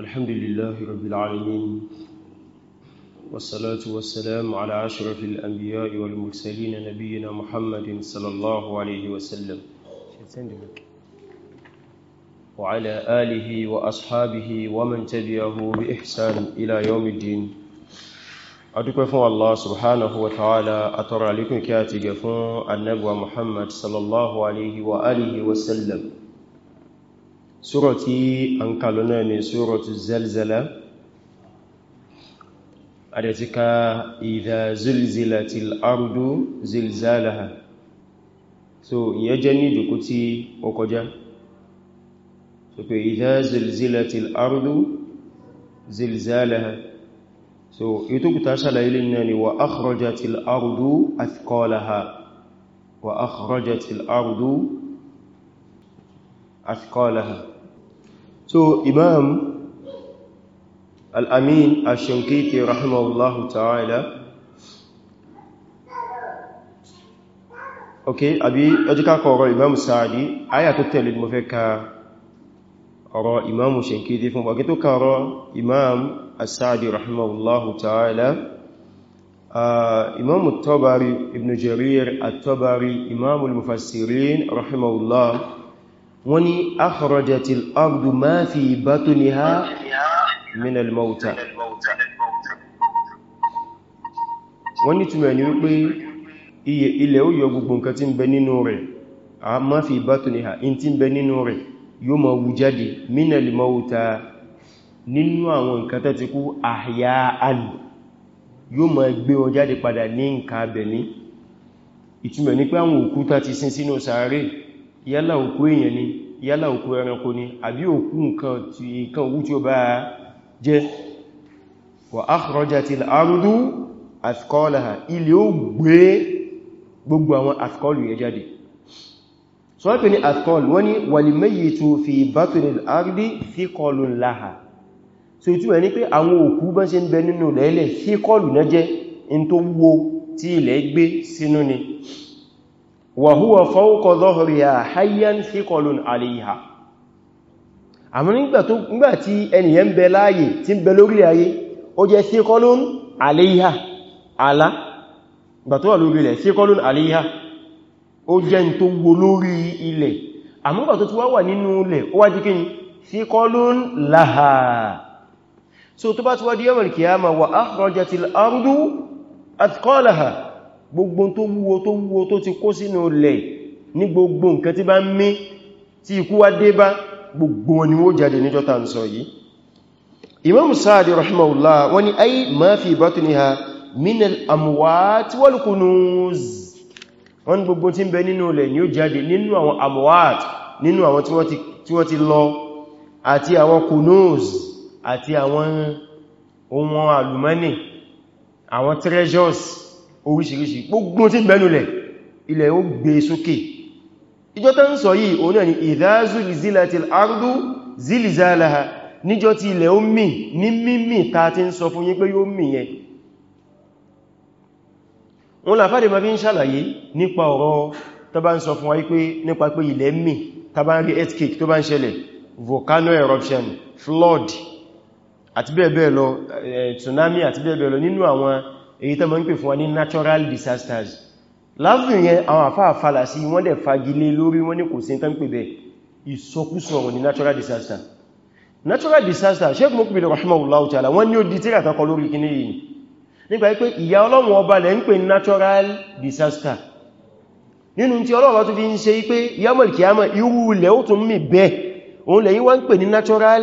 الحمد لله رب العالمين والصلاة والسلام على أشرف الأنبياء والمرسلين نبينا محمد صلى الله عليه وسلم وعلى آله وأصحابه ومن تبعه بإحسان إلى يوم الدين adúpẹ́ فو الله سبحانه وتعالى أترى لكم كاتب فو النبوة محمد صلى الله عليه وآله وسلم súrọ̀ tí a ń kàlọ náà ni súrọ̀ tí zelzela a da ti ka ìdá zilzila ti so ìyẹ́ jẹ́ ní ìdòkú tí ó kọjá so pé ìdá zilzila ti al'ardu zilzalaha so ìtòkúta ṣàlàyé náà ni wa akhraja ti al'ardu athqalaha wa akhraja ti al'ardu athqalaha so imam al-amin ash-shankiti rahimahullahu ta'ala ok àbí ẹjíká kọ ọ̀rọ̀ imam sa'adi aya tó tẹ̀lé mo fẹ́ ka ọ̀rọ̀ imam shankiti fún bọ̀gí tó ka ọ̀rọ̀ imam as-sa'adi rahimahullahu ta'ala imam at ibn jarir at-tabari imam al-mufassirin rahimahullahu wọ́n ní akhrajatil ardu ma fi batniha minal mauta wọ́n ní túnmẹ̀ ní wípé ilẹ̀ ó yọ gbogbo nǹkan tí ń bẹ nínú rẹ̀ a ma fi batniha in tí ń bẹ nínú rẹ̀ yóò ma wù jáde minal nínú àwọn nǹkan tẹ́ ti kú ahya'an yóò yálà òkú èèyàn ni yálà òkú ẹranko ni àbí òkú nǹkan tí nǹkan owó tí ó bá jẹ́ wa akhrajatil ardu athqalaha ilé ó gbé gbogbo àwọn athqalu yẹ jáde so wọ́n pè ní athqal wọ́n ni wal mayyitu fi batnil ardi thiqalun laha so ìtumọ̀ ní pé àwọn òkú bá tó wúwo tí ilẹ̀ wa huwa fawqa dhahriha hayyan thiqalun alayha àmọ́ nígbà tí ẹniyàn bẹ láàyè tí ń bẹ lórí ayé ó jẹ́ thiqalun alayha alá gbà tó wà lórí ilẹ̀ thiqalun alayha ó jẹ́ tó wo lórí ilẹ̀ àmọ́ gbà tó ti wá wà nínú ilẹ̀ ó wá di kíni gbogbo tó wúwo tó wúwo tó ti kó sínú ilẹ̀ ní gbogbo nǹkan tí bá ń mí tí ikú wá dé bá gbogbo ni wó jáde níjọ́ ta ń sọ yìí imam sáàdì rahimahullah wọ́n ni ayi ma fi batniha minal amwat wal kunuz wọ́n gbogbo tí ń bẹ nínú ilẹ̀ ni ó jáde nínú àwọn amwat nínú àwọn tí wọ́n ti lọ àti àwọn kunuz àti àwọn ohun àlùmọ́nì àwọn treasures oríṣiríṣi gbogbo tí bẹ̀lúlẹ̀ ilẹ̀ ó gbé sókè ìjọ tán sọ yìí òun náà ni ìdázùlìzílàtil ardu zilzalaha níjọ tí ilẹ̀ ó mì ní mímì ta ti ń sọ fún yín pé yóò mì yẹn wọ́n làfáàdé ma fi ń ṣàlàyé nípa ọ̀rọ̀ tó bá ń sọ fún wa nípa pé ilẹ̀ mì ta bá ń rí earthquake tó bá ń ṣẹlẹ̀ volcano eruption flood àti bẹ́ẹ̀ bẹ́ẹ̀ lọ eh, tsunami àti bẹ́ẹ̀ bẹ́ẹ̀ lọ nínú àwọn èyí tó mọ́ ń pè fún wa ní natural disasters láàfin yẹn àwọn àfáàfàlà sí wọ́n dẹ̀ fagilé lórí wọ́n ní kò sí tán pè bẹ̀ ìsọkúsọ ọ̀rọ̀ ní natural disaster natural disaster sheik mokbili rahimahullahu ta'ala wọ́n ní ó di tíra kan kọ lórí kíní natural disaster nínú tí ọlọ́run tó fi ń ṣe pé yamal kiyama irú ilẹ̀ ó pè ní natural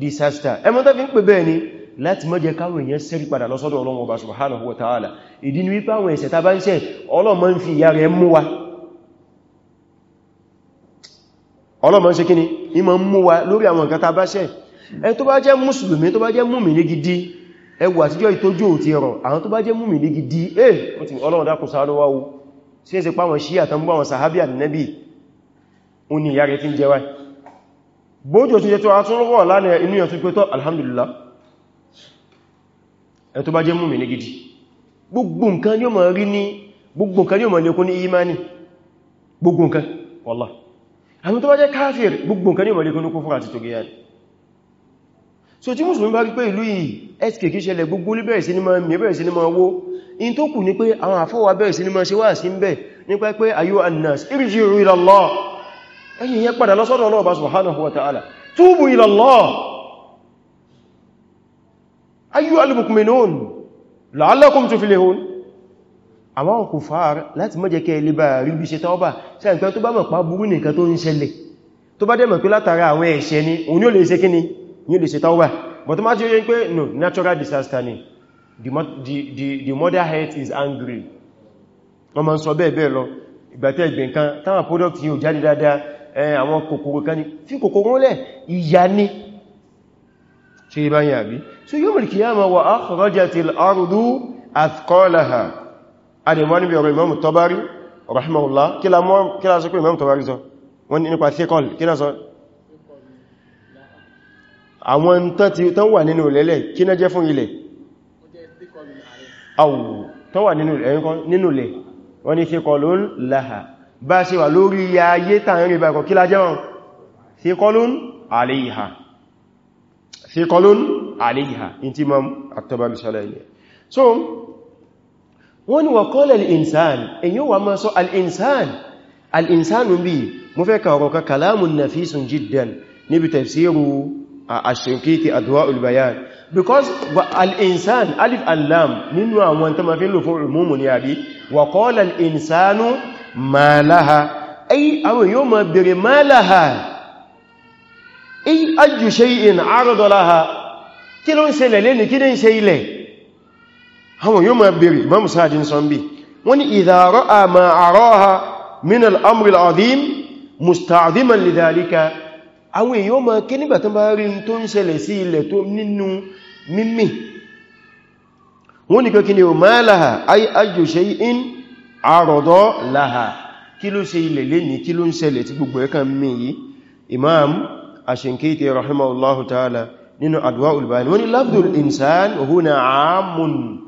disaster ẹmọ́ tó fi ń pè bẹ́ẹ̀ ni láti má jẹ́ káwọn èèyàn ṣẹ́rí padà lọ sọ́dọ̀ Ọlọ́run Ọba subhanahu wa ta'ala ìdí ni wípé àwọn ẹ̀ṣẹ̀ tá bá ń ṣẹ̀ Ọlọ́run máa ń fi ìyà rẹ̀ mú wa Ọlọ́run máa ń ṣe kíni ní máa ń mú wa lórí àwọn nǹkan tá bá ṣẹ̀ ẹ tó bá jẹ́ mùsùlùmí tó bá jẹ́ mùmìnì gidi ẹwù àtijọ́ ìtójú ò ti rọ̀ àwọn tó bá jẹ́ mùmìnì gidi ẹ Ọlọ́run dákùn ṣàánú wa o sí ẹsẹ̀ pàwọn sí àtàmú àwọn sàhábí ànẹ́bì ó ní ìyà rẹ̀ tí ń jẹ wáyé bójò tí jẹ́ tó àtúnrọ̀ lánàá inú yàn tó pẹ́tọ́ alhamdulillah ẹ tó bá jẹ́ mùmínì gidi gbogbo nǹkan ni ó máa rí ní gbogbo nǹkan ni ó máa lékún ní imani gbogbo nǹkan wọ́lá àwọn tó bá jẹ́ káfíìrì gbogbo nǹkan ni máa lékún ní kúfúrù àti tògíyàn so tí mùsùlùmí bá rí pé ìlú yìí ẹ́sìkè kí ṣẹlẹ̀ gbogbo ní bẹ̀rẹ̀ sí ní máa mẹ́ bẹ̀rẹ̀ sí ní máa wó in tó kù ní pé àwọn àfọwà bẹ̀rẹ̀ sí ní máa ṣe wá sí ń bẹ̀ nípa pé ayu annas irji'u ila Allah ẹ̀yin yẹn padà lọ sọ́dọ̀ subhanahu wa ta'ala tubu ila ayyú al-mukminun la'allakum tuflihun àwọn kùfàr láti mọ́ jẹ́ kẹ́ ilé bá rí bí ṣe tọ́ọ́bà sí àìpẹ́ tó bá mọ̀ pa burú nìkan tó ń ṣẹlẹ̀ tó bá dẹ̀mọ̀ pé látara àwọn ẹ̀ṣẹ̀ ni òun yóò lè ṣe kíni yóò lè ṣe tọ́ọ́bà but ma ti yẹ́ pé no natural disaster ni the, the, the, the mother heart is angry wọ́n ma ń sọ bẹ́ẹ̀ bẹ́ẹ̀ lọ ìgbàtẹ́ ìgbẹ̀ kan táwọn product yìí ò jáde dáadáa àwọn kòkòrò ṣe bá yà bí so yawmal qiyamah wa akhrajatil ardu athqalaha adìmọ́ níbi ọ̀rọ̀ Imam Tabari rahimahullah kí la sọ pé Imam Tabari sọ wọ́n nípa thekol kí la sọ àwọn tán wà nínú lẹ́lẹ̀ kí ná jẹ́ fún ilẹ̀ àwò tán wà nínú lẹ̀ wọ́n bá ṣe wà lórí ayé tàn rí bá ẹ̀kọ́ kí la jẹ́ wọn thekolon alayha thiqalun alayha in ti Imam At-Tabarani ṣàlàyé so wọ́n ni wa qala al-insan èyàn wà máa sọ al-insan al-insan bí mo fẹ́ kàwọ̀ ka kalamun nafisun jiddan níbi tafsiru Ash-Shinqiti Adwa'ul Bayan because al-insan alif al-lam nínú àwọn tó ma fi lò fún umumu ni àbí wa qala al-insanu ma ay ayyu shay'in arada laha kí ló ń ṣẹlẹ̀ lẹ́ni kí ní ṣe ilẹ̀ àwọn yóò máa bèèrè Imam Sa'di ń sọ́n bí wọ́n ni idha ra'a ma araha min al-amri al-azim musta'ziman li dhalika àwọn èèyàn máa kí nígbà tó bá rí tó ń ṣẹlẹ̀ sí ilẹ̀ tó nínú mímí wọ́n ni Imam ashinkiti rahimahullahu ta'ala nínú adwa'ul bayan wani lafdul insan huna amun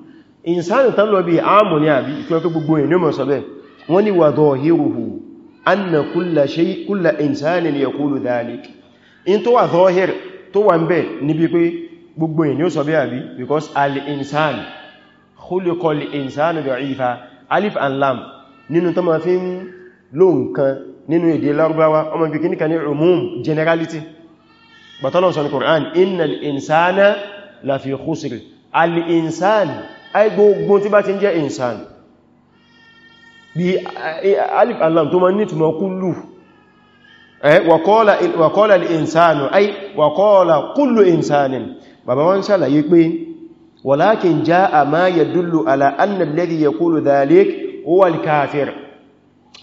insan tan lo bi amun ya bi ko ko gbogbo ẹni mo so be wani wa dhahiruhu anna kulla shay kulla insanin yaqulu dhalik in tó wà dhahir tó wà ńbẹ̀ ní pé gbogbo ẹni nínú èdè lárúbáwá ọmọ ibi kìníkà ní umum generality bàtọ́lọ̀ sọ ní Qur'an innal insana lafi khusr al-insan ay gbogbo tí bá ti ń jẹ́ insan bí alif alam tó ma ní túnmọ̀ kullu wa qala al-insanu ay wa qala kullu insanin bàbá wọn ṣàlàyé pé walakin jaa ma yadullu ala anna alladhi yaqulu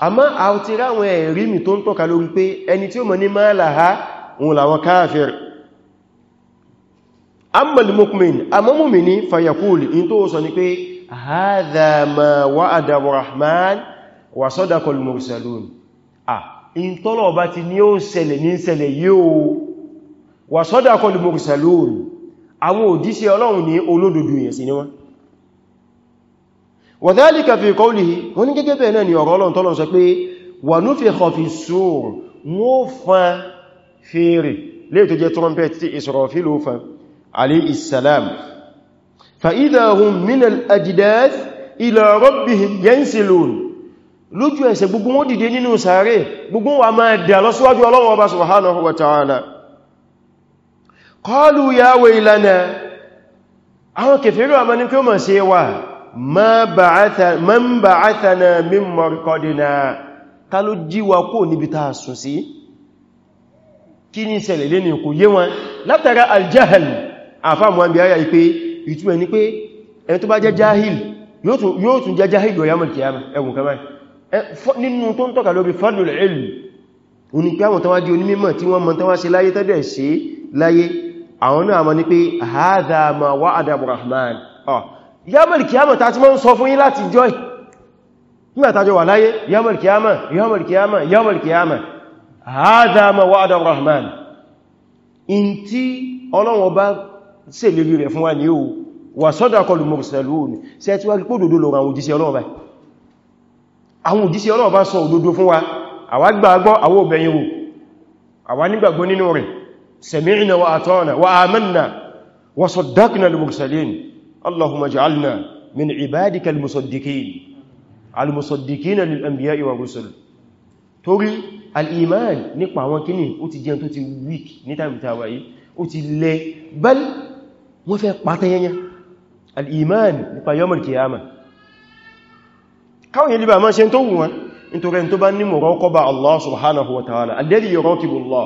àmọ́ a ti ráwọn ẹ̀rí mi tó ń tọ́ka lórí pé ẹni tí ó mọ̀ ní máa láha òun làwọn káàfir ammal mu'min àmọ́ mu'mini fayakul in tó sọ ni pé hadha ma wa'ada rahman wa sadaqal mursalun ah in tọ́lọ̀ bá ti ní ó ṣẹlẹ̀ wa sadaqal mursalun àwọn òjíṣẹ́ Ọlọ́run ní olódodo yẹn sí ni wàdálìkà fi qawlihi wọ́n ní gẹ́gẹ́ bẹ̀ẹ̀ náà ni ọ̀rọ̀ Ọlọ́run tọ́lọ́run sọ pé wà ní fi kọfí sóòr wọ́n fan fèrè lè tó jẹ́ trumpet tí Israfil ló fan alayhi salam fa'idha hum min al-ajdath ila rabbihim yansilun lójú ẹsẹ̀ gbogbo wọn dìde man ba'athana min marqadina ta ló jíwa kó níbi ta sùn sí kí ní ṣẹlẹ̀ lé ní kò yé wọn látara aljahal àfáàmùwàn bí ayá ipé ìtumẹ̀ ní pé ẹni tó bá jẹ́ jahil yóò tún jẹ́ jahil yóò yàmù kìyàmù ẹwùn kamar nínú tó ń tọ́ka lórí fadlul ilm òní pé yàmàlì kìyàmà tàti mọ́ ń sọ fún yí láti jọ́ nígbàtàjọ wà láyé yàmàlì kìyàmà yàmàlì kìyàmà yàmàlì kìyàmà hadha ma wa'ada rahman in tí Ọlọ́run bá ṣe lérí rẹ̀ fún wa ní o wà sadaqal mursalun ṣe tí wá rí pódòdó lọ àwọn òjíṣẹ́ Ọlọ́run bá àwọn òjíṣẹ́ Ọlọ́run bá sọ òdodo fún wa àwa gbàgbọ́ àwa òbẹ̀yìn wò àwa nígbàgbọ́ nínú rẹ̀ sami'na wa ata'na wa amanna wa saddaqna al-mursalin اللهم اجعلنا من عبادك المصدقين المصدقين للأنبياء والرسل torí al-iman nípa àwọn kíní ó ti jẹun tó ti weak ní tàbí tàbí yìí ó ti lẹ bẹ́l wọ́n fẹ́ pàtàyẹnyẹ al-iman nípa yawmal qiyamah káwọn yìí bá máa ṣe tó wù wọn nítorí tó bá ní muraqaba Allah subhanahu wa ta'ala alladhi yuraqibu Allah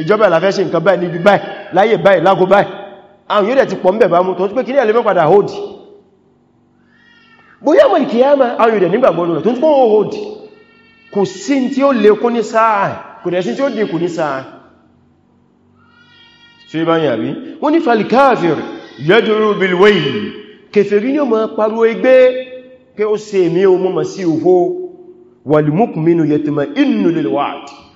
ìjọba ìlàfẹ́ sí nǹkan báyìí níbi báyìí láyé báyìí lágó báyìí àwọn yóò dẹ̀ ti pọ̀ ń bẹ̀bá mú tó pé kí ní ẹlẹ́mọ́ padà hold bóyá mọ̀ ìkìyàmá àwọn yóò dẹ̀ nígbàgbọ́ lórí tó ń pọ̀ hold kò sí tí ó lékún ní sáà kò dẹ̀ sí tí ó dínkù ní sáà ṣe bá yà rí wọ́n ní falikafir yẹ́dúrú bilwéyì kèfèrí ní ọmọ pariwo igbé pé ó se mí o mọ́ sí òfó wàlùmùkùnmínú yẹtìmọ̀ inú lèwàdì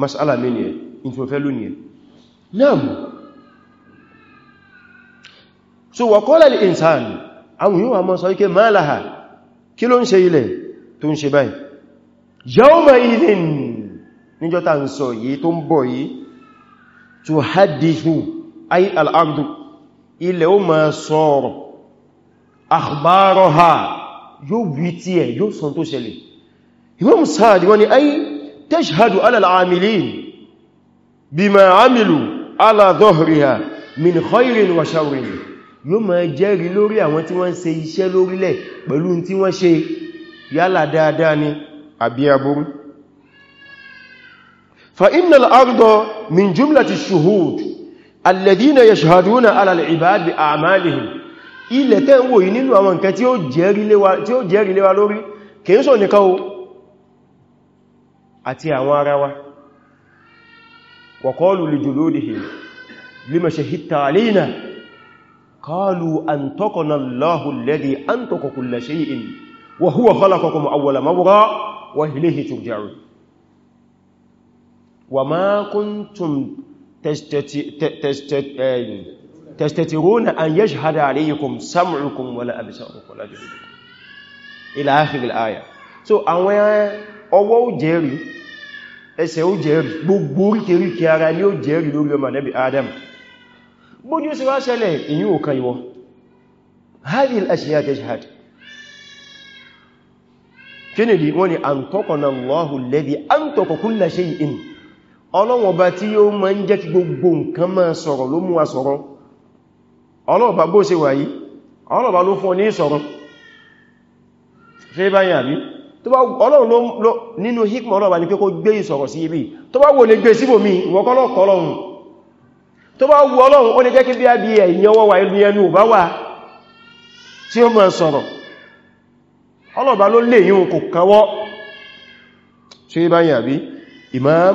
masala mẹ́ni ẹ̀ e? in tí ó fẹ́ lónìí ẹ̀ náà so wà kọ́lẹ̀ lè insan àwọn yíò àmọ́ sọ ike máa láha kí ló ń ṣe ilẹ̀ tó ń ṣe báyìí yawma idhin níjọ́ta ń sọ yìí tó ń bọ̀ yìí tó hadithu ay al'amdu ni ay تشهد على العاملين بما عملوا على ظهرها من خير وشر yóò máa jẹ́rìí lórí àwọn tí wọ́n ń ṣe iṣẹ́ lórílẹ̀ pẹ̀lú tí wọ́n ṣe yálà dáadáa ni àbí aburú fa inna al'ardo min jumlati shuhud alladina yashhaduna ala al'ibad bi a'malihim ilẹ̀ tẹ́ wòyí nínú àwọn nǹkan tí ó jẹ́rìí lé wa lórí kìí sọ nìkan àti àwọn ara wa وقالوا لجلودهم لما شهدت علينا قالوا أنطقنا الله الذي أنطق كل شيء وهو خلقكم أول مرة وإليه ترجعون وما كنتم تستترون أن يشهد عليكم سمعكم ولا أبصاركم ولا جلودكم إلى آخر الآية so àwọn ọwọ́ ó jẹ́rì ẹsẹ̀ ó jẹ́rì gbogbo oríkèríkè ara ní ó jẹ́rì lórí ọmọ nẹ́bí adam bójú sí wá ṣẹlẹ̀ èyí ò kan ìwọ hadhihi al-ashya tashhad kínìdí wọ́n ni antaqana Allahu alladhi antaqa kulla shay'in ọlọ́wọ̀n bá tí yóò máa ń jẹ́ kí gbogbo nǹkan máa sọ̀rọ̀ ló ọlọ́ọ̀bá bó ṣe wà yìí ọlọ́ọ̀bá ló fún ọ ní sọ̀rọ̀ ṣe báyìí àbí tó bá ọlọ́run ló nínú hikmọ̀ ọlọ́run ni pé kó gbé ìsọ̀rọ̀ sí ibi tó bá wò lè gbé síbò mi ìwọ̀kọ́lọ́kọ́ ọlọ́run tó bá wù ọlọ́run ó lè jẹ́ kí bí i ẹ̀yìn ọwọ́ wà ní ẹnu bá wà tí ó máa sọ̀rọ̀ ọlọ́ba ló lè yíò kò kawọ́ ṣe bá yà bí Imam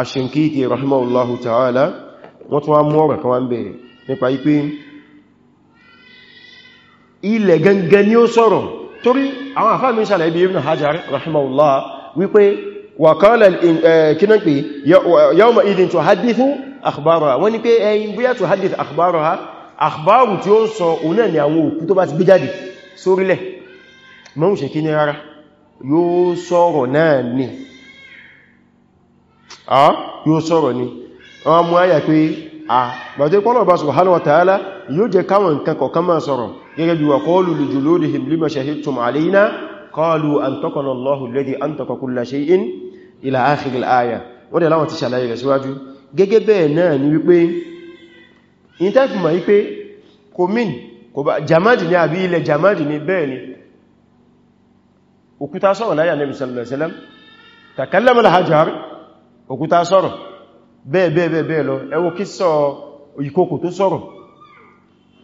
Ashinkiti rahimahullahu ta'ala wọ́n tún wá mú ọ̀rọ̀ kan wá ń bẹ̀rẹ̀ nípa ipé ilẹ̀ gangan ni ó sọ̀rọ̀ torí àwọn àfáà mi ṣàlẹ̀ ibi ibn hajar rahimahullah wípé wà kọ́lẹ̀ kínan pé yawma idin tó hadithu akhbaraha wọ́n ni pé ẹyin eh, bóyá tó hadith akhbaraha akhbaru tí ó ń sọ òun náà ni àwọn òkú tó bá ti gbé jáde sórílẹ̀ mọ́ ń ṣe kí ní rárá yóò sọ̀rọ̀ gẹ́gẹ́ bí wà qalu li juludihim lima shahidtum alayna qalu antaqana Allahu alladhi antaqa kulla shay'in ila akhir al-aya wọ́n dẹ̀ láwọn ti ṣàlàyé rẹ̀ síwájú gẹ́gẹ́ bẹ́ẹ̀ náà ni wípé in tẹ́fì ma wípé kò mín kò bá jamadi ní àbí ilẹ̀ jamadi ní bẹ́ẹ̀ ni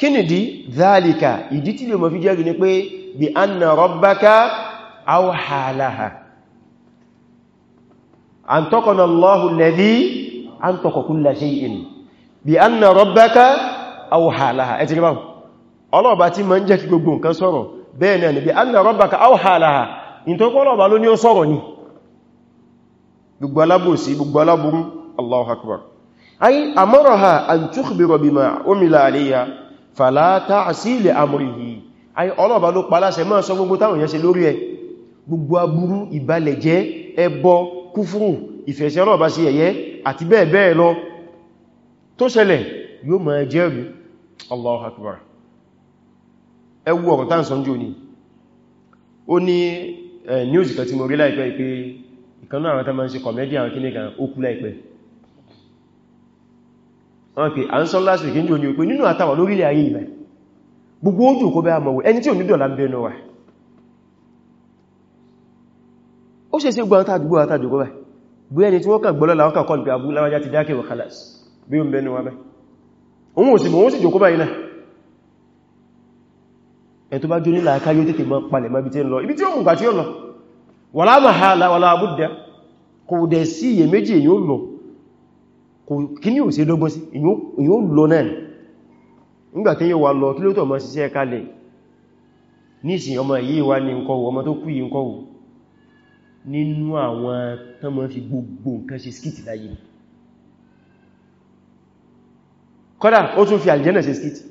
kínìdí dhalika ìdí tí lè mọ̀ fi jẹ́rì ní pé bí anna rabbaka awhalaha an taqana Allahu alladhi an taqa kulla shay'in bí anna rabbaka awhalaha ẹ ti rí báwọn ọlọ́ọ̀bá tí ma ń jẹ́ kí gbogbo nǹkan sọ̀rọ̀ bẹ́ẹ̀ náà ni bí anna rabbaka awhalaha in tó kọ́ ọlọ́ọ̀bá ló fàlátà àsílẹ̀ àmúrìhì ayé ọlọ́ọ̀bá ló paláṣẹ máa sọ gbogbo táwọn yẹn ṣe lórí ẹ gbogbo aburú ìbalẹ̀ jẹ́ ẹbọ kúfúrù ìfẹ̀ṣẹ̀ ọlọ́ọ̀bá sí ẹ̀yẹ àti bẹ́ẹ̀ bẹ́ẹ̀ lọ tó Akbar ẹwú ọ̀rọ̀ tán sọ́njú ni ó ní eh, okay and so last week njo ni pé nínú àtàwà lórí ilẹ̀ ayé ibẹ̀ gbogbo ojú kó bẹ́ àmọ̀wò ẹni tí ò ní dọ̀lá ń bẹ́ náà ó ṣe sí gbọ́n tàbí gbọ́n tàbí gbọ́n bí ẹni tí wọ́n kà gbọ́lọ́lá wa bẹ́ òun ò sì mọ̀ ó sì jòkó báyìí náà ẹni tó bá jó nílà aká yóò tètè mọ́ palẹ̀ mọ́ ibi tí ń lọ ibi tí kí ní òsè lógún sí ìyó lọ náà nígbàtí yíò wà lọ kí ló tọ̀ mọ́ síṣẹ́ kalẹ̀ nísìn ọmọ yìí wá ní ǹkọ́wò ọmọ tó kú yìí ǹkọ́wò nínú àwọn tán fi gbogbo nǹkan ṣe skiti láyé kọ́dà ó tún fi àlìjẹ́nà ṣe skiti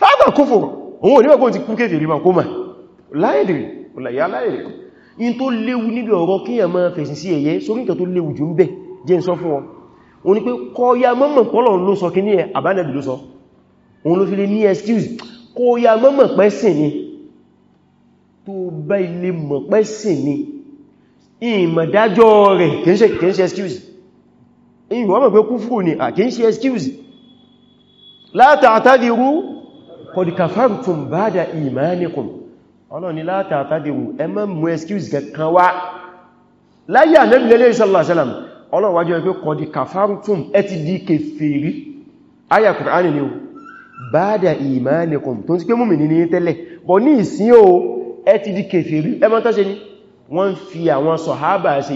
fata kófò òun òníwẹ̀ ti kú kéfì ma kó mà láìdìrì ọ̀làyà láìdìrì in tó léwu níbi ọ̀rọ̀ kíyàn máa sí ẹ̀yẹ sórí nǹkan tó léwu jù ń bẹ̀ jẹ́ ń sọ fún wọn òun ni pé kọ́ya mọ́mọ̀ pọ́lọ̀ ló sọ kí ní ẹ̀ àbánẹ̀bì ló sọ òun ló fi lè ní excuse kọ́ya mọ́mọ̀ pẹ́sìn ni tó bá ilé mọ̀ pẹ́sìn ni ìmọ̀dájọ́ rẹ̀ kìí ṣe excuse ìwọ́n mọ̀ pé kúfùrù ni à kìí ṣe excuse látàtàdìrú kọdìkàfàrùtùn bá da ìmánikùn ọlọ́ni látàtàdìrú ẹ má mú excuse kankan wá láyé ànẹ́bìnlẹ́lẹ́ sallallahu alaihi wasallam Ọlọ́run wá jẹ́ pé kọ̀dí kàfàrùtùm ẹ ti di kèfèrí ayà Kùránì ni o bada ìmánikùn tó ń sí pé múmi ní tẹ́lẹ̀ bọ̀ ní ìsìn o ẹ ti di kèfèrí ẹmọ́ tó ṣe ní wọ́n fi àwọn sọ̀hábà ṣe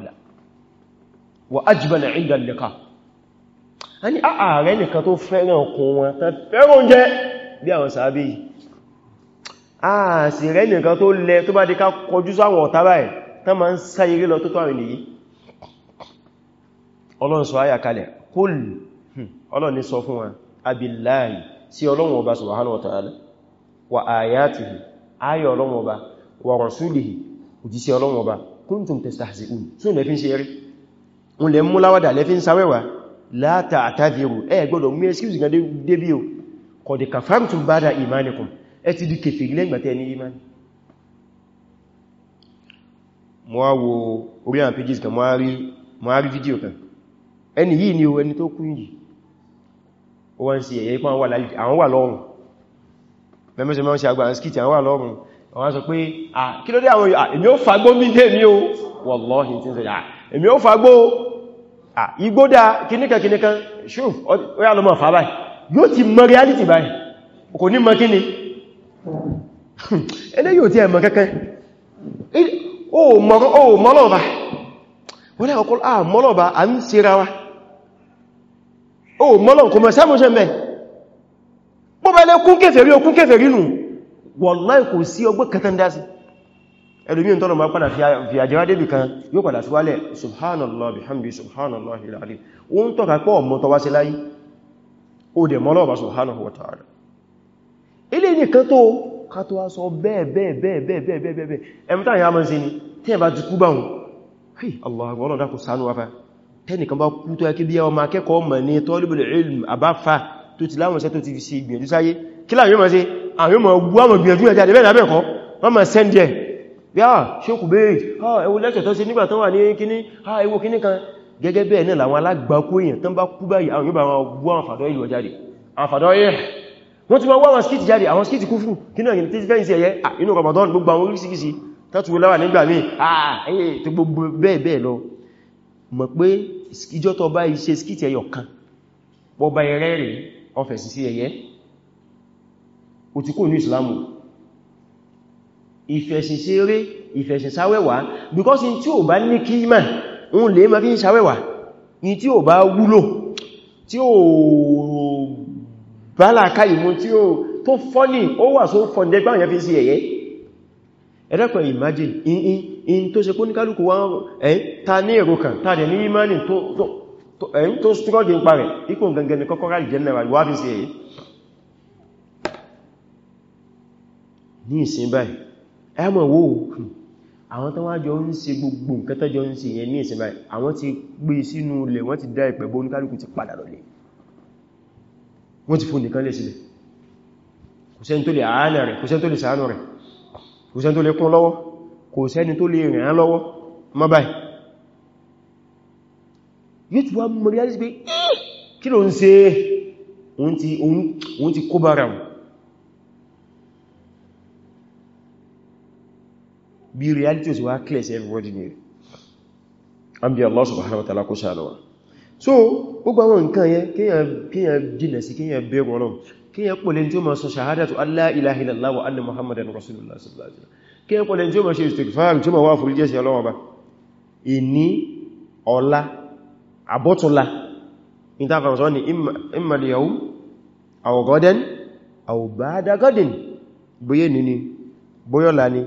yẹ̀yẹ́ wa ajbala 'inda al-liqa a ní ààrẹ nìkan tó fẹ́ràn ọkùn wọn tán fẹ́ràn oúnjẹ bí àwọn sàábí ààsì ah, rẹ̀ nìkan tó lẹ tó bá di ká kọjú sáwọn ọ̀tá báyìí tán ma ń sáyẹrí lọ tó tó àrìn nìyí ọlọ́run sọ ayà kalẹ̀ kúl hmm, ọlọ́run ní sọ fún wa abillahi sí ọlọ́run ọba subhanahu wa ta'ala wa ayatihi ayọ̀ ọlọ́run ọba wa rasulihi òjíṣẹ́ ọlọ́run ọba kuntum testahzi'un sún lẹ́fin ṣe rí un lè mú láwádà lẹ́fin sáwẹ́wàá láta àtàfihù ẹ gbọ́dọ̀ mú excuse gan débí o kọ̀dẹ̀ kafartum bada imanikum ẹ ti di kèfèrí lẹ́gbàtẹ́ ní imani mọ́ wo orí àwọn pages kan mọ́ rí fídíò kan ẹni yìí ni o ẹni tó kú yìí ó wá ń ṣe ẹ̀yẹ ipá àwọn wà lọ́rùn mẹ́mẹ́sẹ̀ mẹ́wọ́n sí àgbà àwọn skit àwọn wà mi o wallahi tí ń sọ èmi ó Ah, igbódá kìníkan kìníkan ṣúf ọ̀yá lọ mọ̀ fà báyìí yóò ti mọ̀ reality báyìí kò ní mọ̀ kíni ẹlẹ́ yóò ti ẹ̀mọ̀ kẹ́kẹ́ o mọ́lọ́ba wọ́n ní ọkọ̀ ah mọ́lọ́ba a ń sera wa o mọ́lọ́ kò mọ̀ sẹ́mọ̀ṣẹ́ mẹ́ pọ́bẹ̀lẹ́ kún kẹfẹ̀rí okún kẹfẹ̀rí nù wallahi kò sí ọgbọ́ kẹtẹ́ndásí ẹlòmíì tọ́lọ̀ ma padà fi àjẹ́wà débì kan yóò padà síwálẹ̀ subhanallah bihamdi subhanallah ilalim o ń tọ́ka pọ́ ọmọ tọwa sí láyé o dẹ̀ mọ́lọ́ọ̀bá subhanahu wa ta'ala ilé ní kan tó kàtọ́ aṣọ bẹ́ẹ̀ bẹ́ẹ̀ bẹ́ẹ̀ bẹ́ẹ̀ bẹ́ẹ̀ bẹ́ẹ̀ ẹmtàn ya mọ́ sí ni tí ẹ bá ti kú báhùn hey Allah ọlọ́run dákun ṣàánú wa fa tẹ́nìkan bá kú tó ẹkí bí ọmọ akẹ́kọ̀ọ́ mọ̀ ní tọ́líbùlù ilm bí á ah, ṣókù bèèjì ẹwọ ah, lẹ́kẹ̀ tó ṣe nígbà tó wà ní kíní ẹwọ ah, kíní kan gẹ́gẹ́ bẹ́ẹ̀ náà làwọn alágbàkó èèyàn tán bá kú báyìí àwọn yóò wá àwọn fàdọ́ ìlú ọjáde àwọn fàdọ́ ẹ̀ wọ́n ti ma wá àwọn skit jáde àwọn skit kúfù kí náà yìí tí fẹ́ ìsẹ̀ yẹ inú Ramadan gbogbo àwọn orísìkísì tàtùwò láwà nígbà mí ààyè tó gbogbo bẹ́ẹ̀ bẹ́ẹ̀ lọ mọ̀ pé ìjọ tó bá iṣẹ́ skit ẹyọ kan pọ̀ bá ẹrẹ́ rẹ̀ ọfẹ̀ sí sí ẹyẹ òtíkò ní ìsìlámù ìfẹ̀sìn ṣeré ìfẹ̀sìn sáwẹ́wà because in tí ò bá ní kí mà ń lè ma fi ń sáwẹ́wà in tí ò bá wúlò tí ò bá láàká ìmú tí ò tó fọ́nì ó wà só fọ́ndẹ́ gbáyàn fi sí ẹ̀yẹ́ ẹ̀rẹ́pẹ̀ imagine in tó ṣe kóníkálùkù wọ́n ẹ̀ ta ní èrò kan ta dẹ̀ ní imani tó strọ́dì ń parẹ̀ ikú gangan ni kọ́kọ́rá general wá ní ìsìn báyìí ẹmọ̀ wo àwọn tó wá jọ ń ṣe gbogbo nǹkan tó jọ ń ṣe yẹn ní ìsinmi àwọn ti gbé sínú ilẹ̀ wọ́n ti dá ìpẹ̀ bó oníkálùkù ti padà lọ lè wọ́n ti fún nìkan lè sílẹ̀ kò sẹ́ni tó lè àánà rẹ̀ kò sẹ́ni tó lè ṣàánú rẹ̀ kò sẹ́ni tó lè kún lọ́wọ́ kò sẹ́ni bí reality wá clear sí everybody ní rẹ̀ an bí Allah subhanahu wa ta'ala kó sàánàwà so gbogbo àwọn nǹkan yẹn kíyàn dínà sí kíyàn bẹ̀rù Ọlọ́run kíyàn pọ̀lẹ̀ tí ó máa sọ shahadatu allá ilaha wa anna muhammadan rasulullah sallallahu alaihi wasallam kíyàn pọ̀lẹ̀ tí ó máa ṣe istighfar tí ó máa wá fúrí jẹ́ sí Ọlọ́run ba ìní ọ̀la àbọ́túnla ìtàfàmà sọ ni imma al ni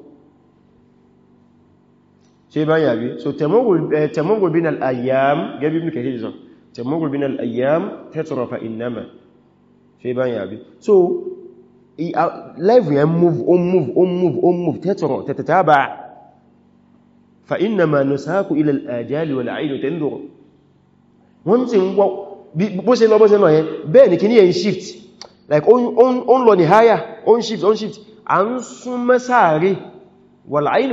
ṣe bá yàbí so tẹ̀mọ́gù bí náà ayyam gẹ́bí bí kẹ̀kẹ́ ìzọ tẹ̀mọ́gù bí náà ayyam tẹ́tọrọfà ìnàmà ṣe so life yẹn move o move o move o move tẹ́tọrọ tẹ́tẹ́tàbà fa ìnàmà nùsáàkù ilẹ̀ àjálì wà láàrín tẹ́ndọrọ wọ́n ti ń wọ́ bó ṣe lọ bó ṣe lọ yẹn bẹ́ẹ̀ ni kìí yẹn shift like on lọ ni higher on shift on shift a ń sún mẹ́sàárì wà láàrín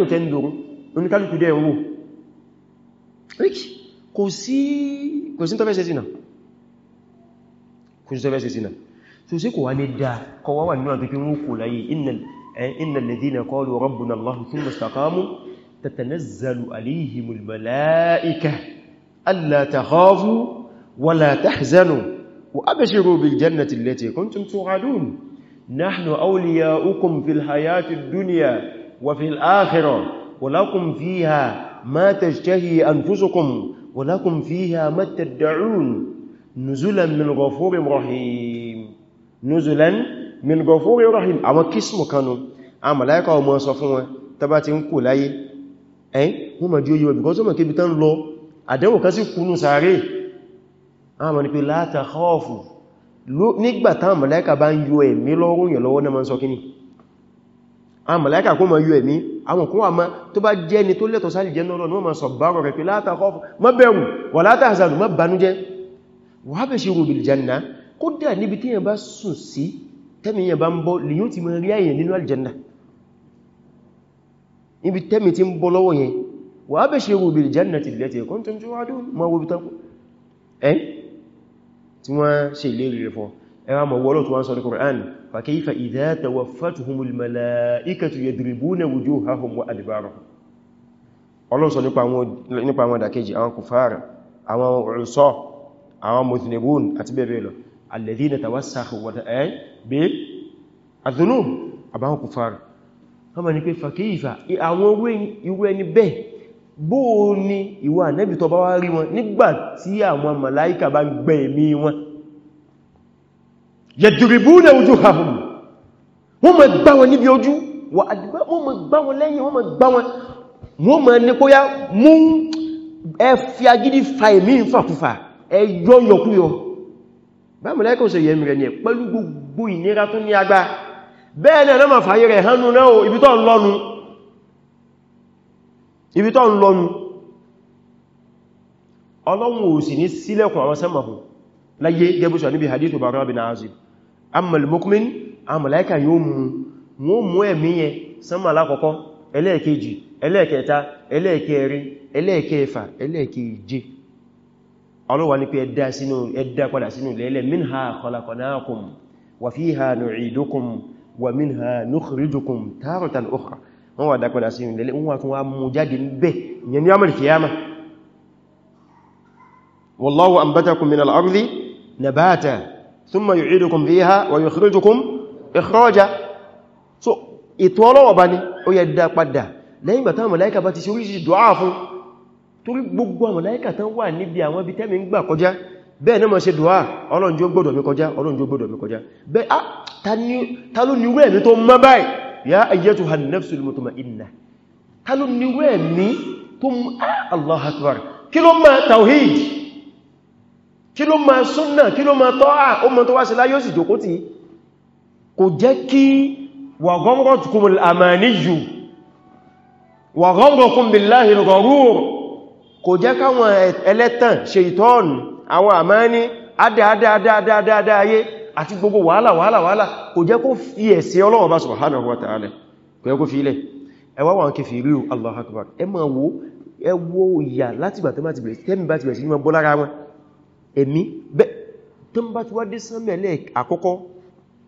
oníkálùkù dẹ̀ owó kò sí kò sí tọ́fẹ́ sẹ́sìnà kò sí tọ́fẹ́ sẹ́sìnà tó sí kò wá ní dáa kọ wá wà nínú àti pé wọ́n kò láyé innal ladhina qalu rabbuna Allahu thumma istaqamu tatanazzalu alayhimul mala'ika alla takhafu wa la tahzanu wa abshiru bil jannati allati kuntum tu'adun nahnu awliya'ukum fil hayati ad-dunya wa fil akhirah ولكم فيها ما تشتهي أنفسكم ولكم فيها ما تدعون نزلا من غفور رحيم نزلا من غفور رحيم àwọn kísmù kanú a màláíkà ọmọ sọ fún wọn tàbá ti ń kò láyé ẹ́yìn wọ́n ma jí oyi wọ̀bí kọ́sọ́mọ̀ kébí tán lọ àdẹ́wò kan sí kúnú sàárè àmà ní pé la takhafu nígbàtà màláíkà bá ń yọ ẹ̀mí lọ́rùn yẹ̀ lọ́wọ́ náà ma sọ kíní àwọn màláíkà kó mọ̀ yọ ẹ̀mí àwọn kún wà mọ́ tó bá jẹ́ ni tó lẹ́tọ̀ sáàlì jẹ́ náà wọ́n mọ̀ sọ̀bárọ̀ rẹ̀ pé látàkọ́fù mọ́ bẹ̀rù wà látàzàrù mọ́ banújẹ́ wà bẹ̀ ṣe rùbìl janna kódà níbi tí yẹn bá sùn sí tẹ́mi yẹn bá ẹwà mọ̀ wọ́lọ̀ tó wá ń sọ ní Qur'an fa kayfa idha tawaffatuhumul mala'ikatu yadribuna wujuhahum wa adbarahum Ọlọ́run sọ nípa àwọn ìdàkejì àwọn kùfààrà àwọn ọ̀rọ̀sọ́ àwọn muthnibun àti eh, bẹ́ẹ̀ bóò ni ìwà nẹ́bì bá wá rí wọn nígbà àwọn màláíkà bá gbẹ̀mí wọn yadribuna wujuhahum wọ́n ma gbá wọn níbi ojú wọ́n ma gbá wọn lẹ́yìn wọ́n ma gbá wọn wọ́n ma ní kóyá mú ẹ fi agídí fa èmì ìfàkúfà ẹ yọ yọkúyọ bá mọ̀lẹ́kọ̀ sọ yẹmi rẹ̀ ní ẹ pẹ̀lú gbogbo ìnira tó ní agbá bẹ́ẹ̀ ma fàyẹ rẹ̀ hánu náà ibi tó ń lọ́nu ibi tó ń lọ́nu ọlọ́run ò sì ní sílẹ̀kùn àwọn sẹ́mọ̀ láyé gẹ́bùsọ̀ níbi hadith Barra bin Azib amal mukmin amalaika yóò mú wọ́n mú ẹ̀mí yẹn sánmà alákọ̀ọ́kọ́ ẹlẹ́ẹ̀kejì ẹlẹ́ẹ̀kẹta ẹlẹ́ẹ̀kẹrin ẹlẹ́ẹ̀kẹfà ẹlẹ́ẹ̀keje ọlọ́wà ní pé ẹdá padà sínú lẹ́lẹ̀ nabata thumma yu'idukum fiha wa yukhrijukum ikhraja so ètò Ọlọ́run Ọba ni ó yẹ dá padà lẹ́yìn ìgbà táwọn màláíkà bá ti ṣe oríṣìí dùá fún torí gbogbo àwọn màláíkà tán wà níbi àwọn ibi tẹ́mi ń gbà kọjá bẹ́ẹ̀ náà mọ̀ ṣe dùá Ọlọ́run jọ̀ọ́ gbọ́dọ̀ mi kọjá Ọlọ́run jọ̀ọ́ gbọ́dọ̀ mi kọjá bẹ́ẹ̀ ah ta ló ní wẹ́ẹ̀mí tó mọ́ báyìí ya ayyatuha an-nafsul mutma'inna ta ló ní wẹ́ẹ̀mí tó mọ́ ah Allah akbar kí ló mọ́ tawhid kí ló ma súnnà kí ló ma tọ́ ó mọ́ tó wá sí láyé ó sì jókòó tì kò jẹ́ kí wa ghamratkum al-amaniyyu wa ghamrakum billahi al-gharur kò jẹ́ káwọn ẹlẹ́tàn shaitan àwọn àmáni adáadáadáadáadáayé àti gbogbo wàhálà wàhálà wàhálà kò jẹ́ kó fi ẹ̀sẹ̀ Ọlọ́run bá subhanahu wa ta'ala kò jẹ́ kó fi ilẹ̀ ẹwà wọn kẹfì rí Allahu akbar ẹ ma wo ẹwọ́ ìyà láti gbà tẹ́ bá ti bẹ̀rẹ̀ sí ní ẹ̀mí tó ń bá ti wá dé sánmẹ̀lẹ̀ àkọ́kọ́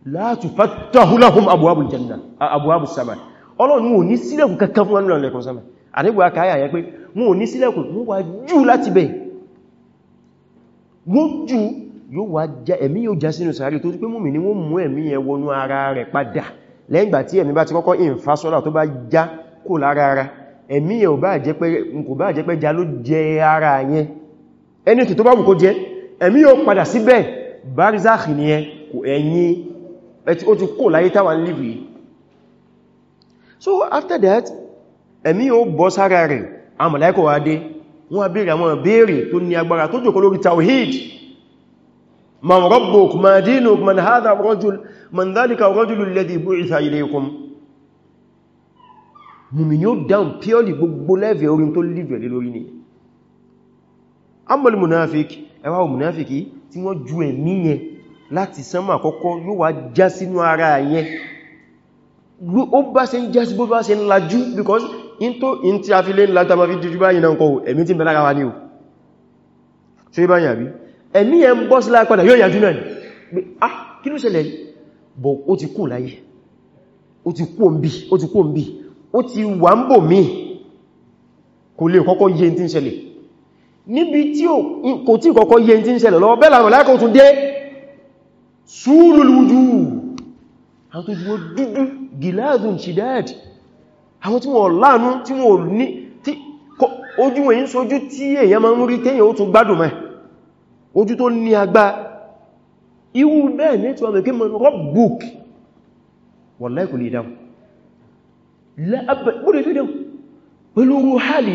la tufattahu lahum abwaabul janna abwaabus sama ọlọ́run ò ní sílẹ̀kùn kankan fún ọlọ́run lẹ́kùn sama àdígbà káyà yẹ pé wọn ò ní sílẹ̀kùn wọ́n wá jù láti bẹ̀ wọ́n jù yóò wá já ẹ̀mí yóò já sínú sàárì tó pé múmi ni wọ́n mú ẹ̀mí yẹn wọnú ara rẹ̀ padà lẹ́yìngbà tí ẹ̀mí bá ti kọ́kọ́ ìfásọ́lá tó bá já kò lára ara ẹ̀mí yẹn ò bá jẹ́ pé já ló jẹ ara yẹn ẹni tó bá wù kó jẹ́ ẹ̀mí yóò padà síbẹ̀ barzakhi ni ẹ kò ẹ̀yìn ẹ̀tí ó ti kò láyé táwà ń so after that ẹ̀mí yóò bọ́ sára rẹ̀ àmàláìkọ̀ wá dé wọ́n abẹ́rẹ̀ àwọn ìbéèrè tó ní agbára tó jòkó lórí tawhid man rabbuk ma dinuk man man dhalika rajul alladhi bu'itha ilaykum mùmìnì ó dáun purely gbogbo lẹ́fẹ̀ẹ́ orin tó lìbẹ̀ lórí ẹ wá òmùnáfikì tí wọ́n ju ẹ̀mí yẹn láti sánmà àkọ́kọ́ yóò wá já sínú ara yẹn ó bá ṣe ń já sí bó bá ń lajú because in tó in tí a fi lé ńlá tàbí jùjú báyìí náà kọwò ẹ̀mí tí ń bẹ lára wa ní o ṣe bá yàbí ẹ̀mí ẹ̀ bọ́ sí láì yóò yàjú náà pé ah kí ló ṣẹlẹ̀ bọ̀ ó ti kú láyé ó ti kú òmbì ó ti kú òmbì ó ti wà ń bò míì kò lè kọ́kọ́ yé tí ń ṣẹlẹ̀ níbi tí kò tí kọ̀kọ́ yẹ tí ń ṣẹlẹ̀ lọ bẹ́ẹ̀ làwọn aláìkọ̀ tún dé súúrùlùjú àwọn tó jùlọ dúdú gìláàdùn ṣìdáàdì àwọn tí wọ́n láàánú tí wọ́n ní tí ojú wọ́n yí sójú tí èyàn máa ń rí téyàn ó tún gbádùn mẹ́ ojú tó ní agbá iwu bẹ́ẹ̀ nítí wọ́n mẹ́kí mọ́n rọ́b book wallahi kò pẹ̀lú rú hálì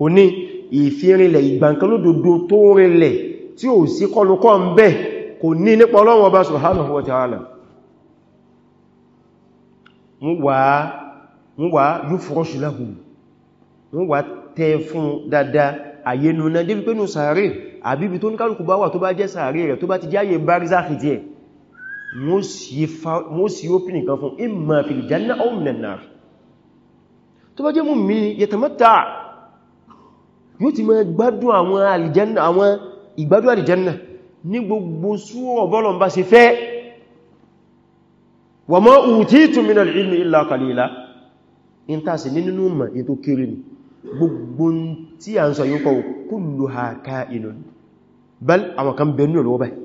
kò ní ìfirinlẹ̀ ìgbàǹkanlódòdó tó rinlẹ̀ tí ó sí kọlùkọ́ ń bẹ́ kò ní nípa Ọlọ́run Ọba subhanahu wa ta'ala wọ́n wá yufrashu lahu wọ́n wá tẹ́ fún dáadáa àyẹnu náà débi pé ní sàárè àbíbi tó ní kálùkù bá wà tó bá jẹ́ sàárè rẹ̀ tó bá ti jáyé bárízáàkì díẹ̀ wọ́n sì ópìnì kan fún imma fil janna aw minan nar tó bá jẹ́ mú mi yatamatta yóò ti máa gbádùn àwọn alìjẹ́nà àwọn ìgbádùn alìjẹ́nà ní gbogbo súwọ̀ bọ́lọ̀ bá ṣe fẹ́ wa ma utitum min al-ilmi illa qalila in ta sì ní nínú mọ̀ in tó kéré ni gbogbo tí a ń sọ yíkọ̀ kulluha ka'inun bal àwọn kan bẹnu lọ́wọ́ báyìí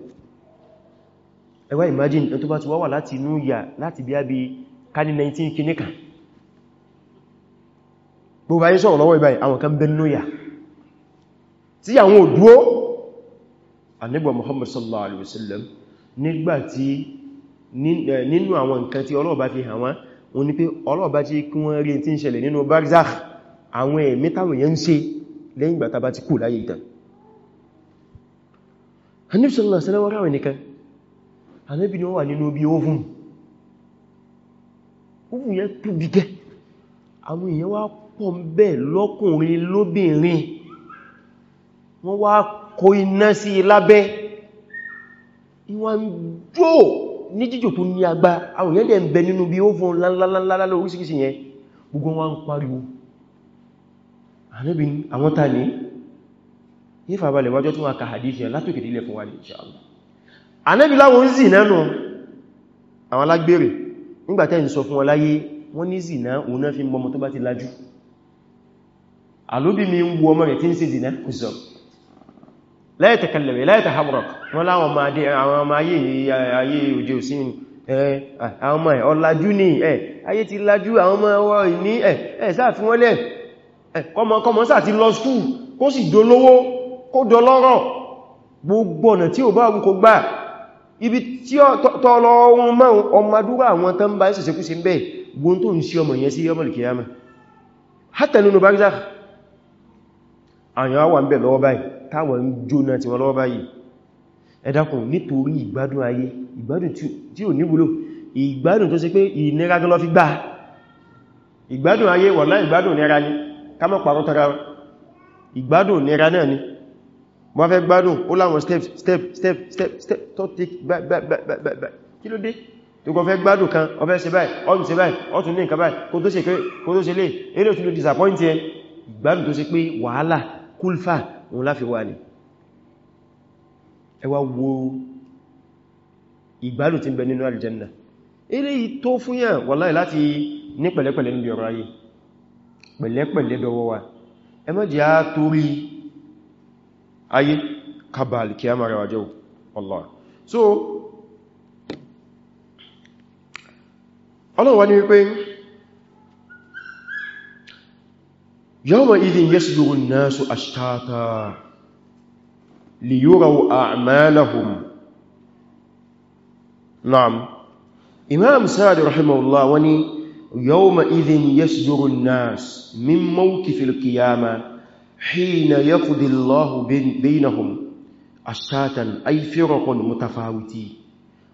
ẹwà imagine ẹn tó bá ti wá wà láti inú yà láti bí ábí kání 19 kìníkà gbogbo ayé sọ̀rọ̀ lọ́wọ́ ìbáyìí àwọn kan bẹnu yà tí àwọn òdúó annabi muhammad sallallahu alaihi wasallam nígbàtí eh, nínú àwọn nǹkan tí ọlọ́ọ̀bá fi hàn wọ́n wọ́n ní pé ọlọ́ọ̀bá tí kí wọ́n rí tí ń ṣẹlẹ̀ nínú barzakh àwọn ẹ̀mí táwọn yẹn ń ṣe lẹ́yìn wọ́n wá kó iná sí lábẹ́ ìwọ̀n jò ní jíjò tó ní agbá àwọn èèyàn dẹ̀ ń bẹ nínú bí ó fún lálálálá lóríṣìíṣìí yẹn gbogbo wọn ń pariwo àníbi àwọn ta ní ní wájọ́ tí wọ́n hadith yẹn látòkè dílẹ̀ fún wa ní inshallah àníbi láwọn ń zì nánú àwọn alágbèrè nígbàtẹ́ ń sọ fún wọn láyé wọ́n ní zìná òun náà fi mọ́mọ́ tó bá wo ọmọ rẹ̀ tí ń ṣe zìná kò láyẹ̀tẹ̀kẹlẹ̀wẹ̀ láyẹ̀tẹ̀habrọ̀k wọ́n láwọn ọmọ ayé ayé òjò sí ní àwọn ọmọ ẹ̀ ọlájú ní ẹ̀ ayé ti lájú àwọn ọmọ ọwọ́ ní ẹ̀ ẹ̀ sáàfin wọ́lẹ̀ kọmọkọmọ sáà ti lọ skú kó sì dolówó kó dọlọ́rọ̀ gbogbo ọ̀nà tí ò bá wù kó gbà ibi tí tọ́lọ ohun márùn ọmọdúrà àwọn tán bá ṣẹ̀ṣẹ̀kú sí bẹ́ẹ̀ gbóhun tó ń sí ọmọ yẹn sí ọmọ ìkìyàmẹ́ hátẹ̀lú nù bá rí sáà àyàn wà ń bẹ̀ lọ́wọ́ báyìí táwọn ń jóná tí wọ́n lọ́wọ́ báyìí ẹ dákun nítorí ìgbádùn ayé ìgbádùn tí ò níwúlò ìgbádùn tó ṣe pé ìnira gan lọ fi gbá ìgbádùn ayé wọ̀lá ìgbádùn nira ni ká mọ́ pàrún tara ìgbádùn nira náà ni wọ́n fẹ́ gbádùn ó láwọn step step step step step tó ti gbá kí ló dé tó kọ fẹ́ gbádùn kan ó fẹ́ ṣe báyìí ó ń ṣe báyìí ó tún ní nǹkan báyìí kó tó ṣe lè eré òtún ló disappoint ẹ ìgbádùn tó ṣe pé wàhálà kúlfà òun láfi wà ní ẹ wá wo ìgbádùn tí ń bẹ nínú aljanna ilé tó fún yàn wàláì láti ní pẹ̀lẹ́pẹ̀lẹ́ níbi ọ̀rọ̀ ayé pẹ̀lẹ́pẹ̀lẹ́ dọwọ́ wa ẹ má jẹ́ torí ayé kabal kí a máa rẹwà jẹ́ Allah so ọlọ́wọ́ ni wípé يومئذ يصدر الناس أشتاتا ليروا أعمالهم نعم إمام سعد رحمه الله وني يومئذ يصدر الناس من موقف القيامة حين يقضي الله بينهم أشتاتا أي فرق متفاوتي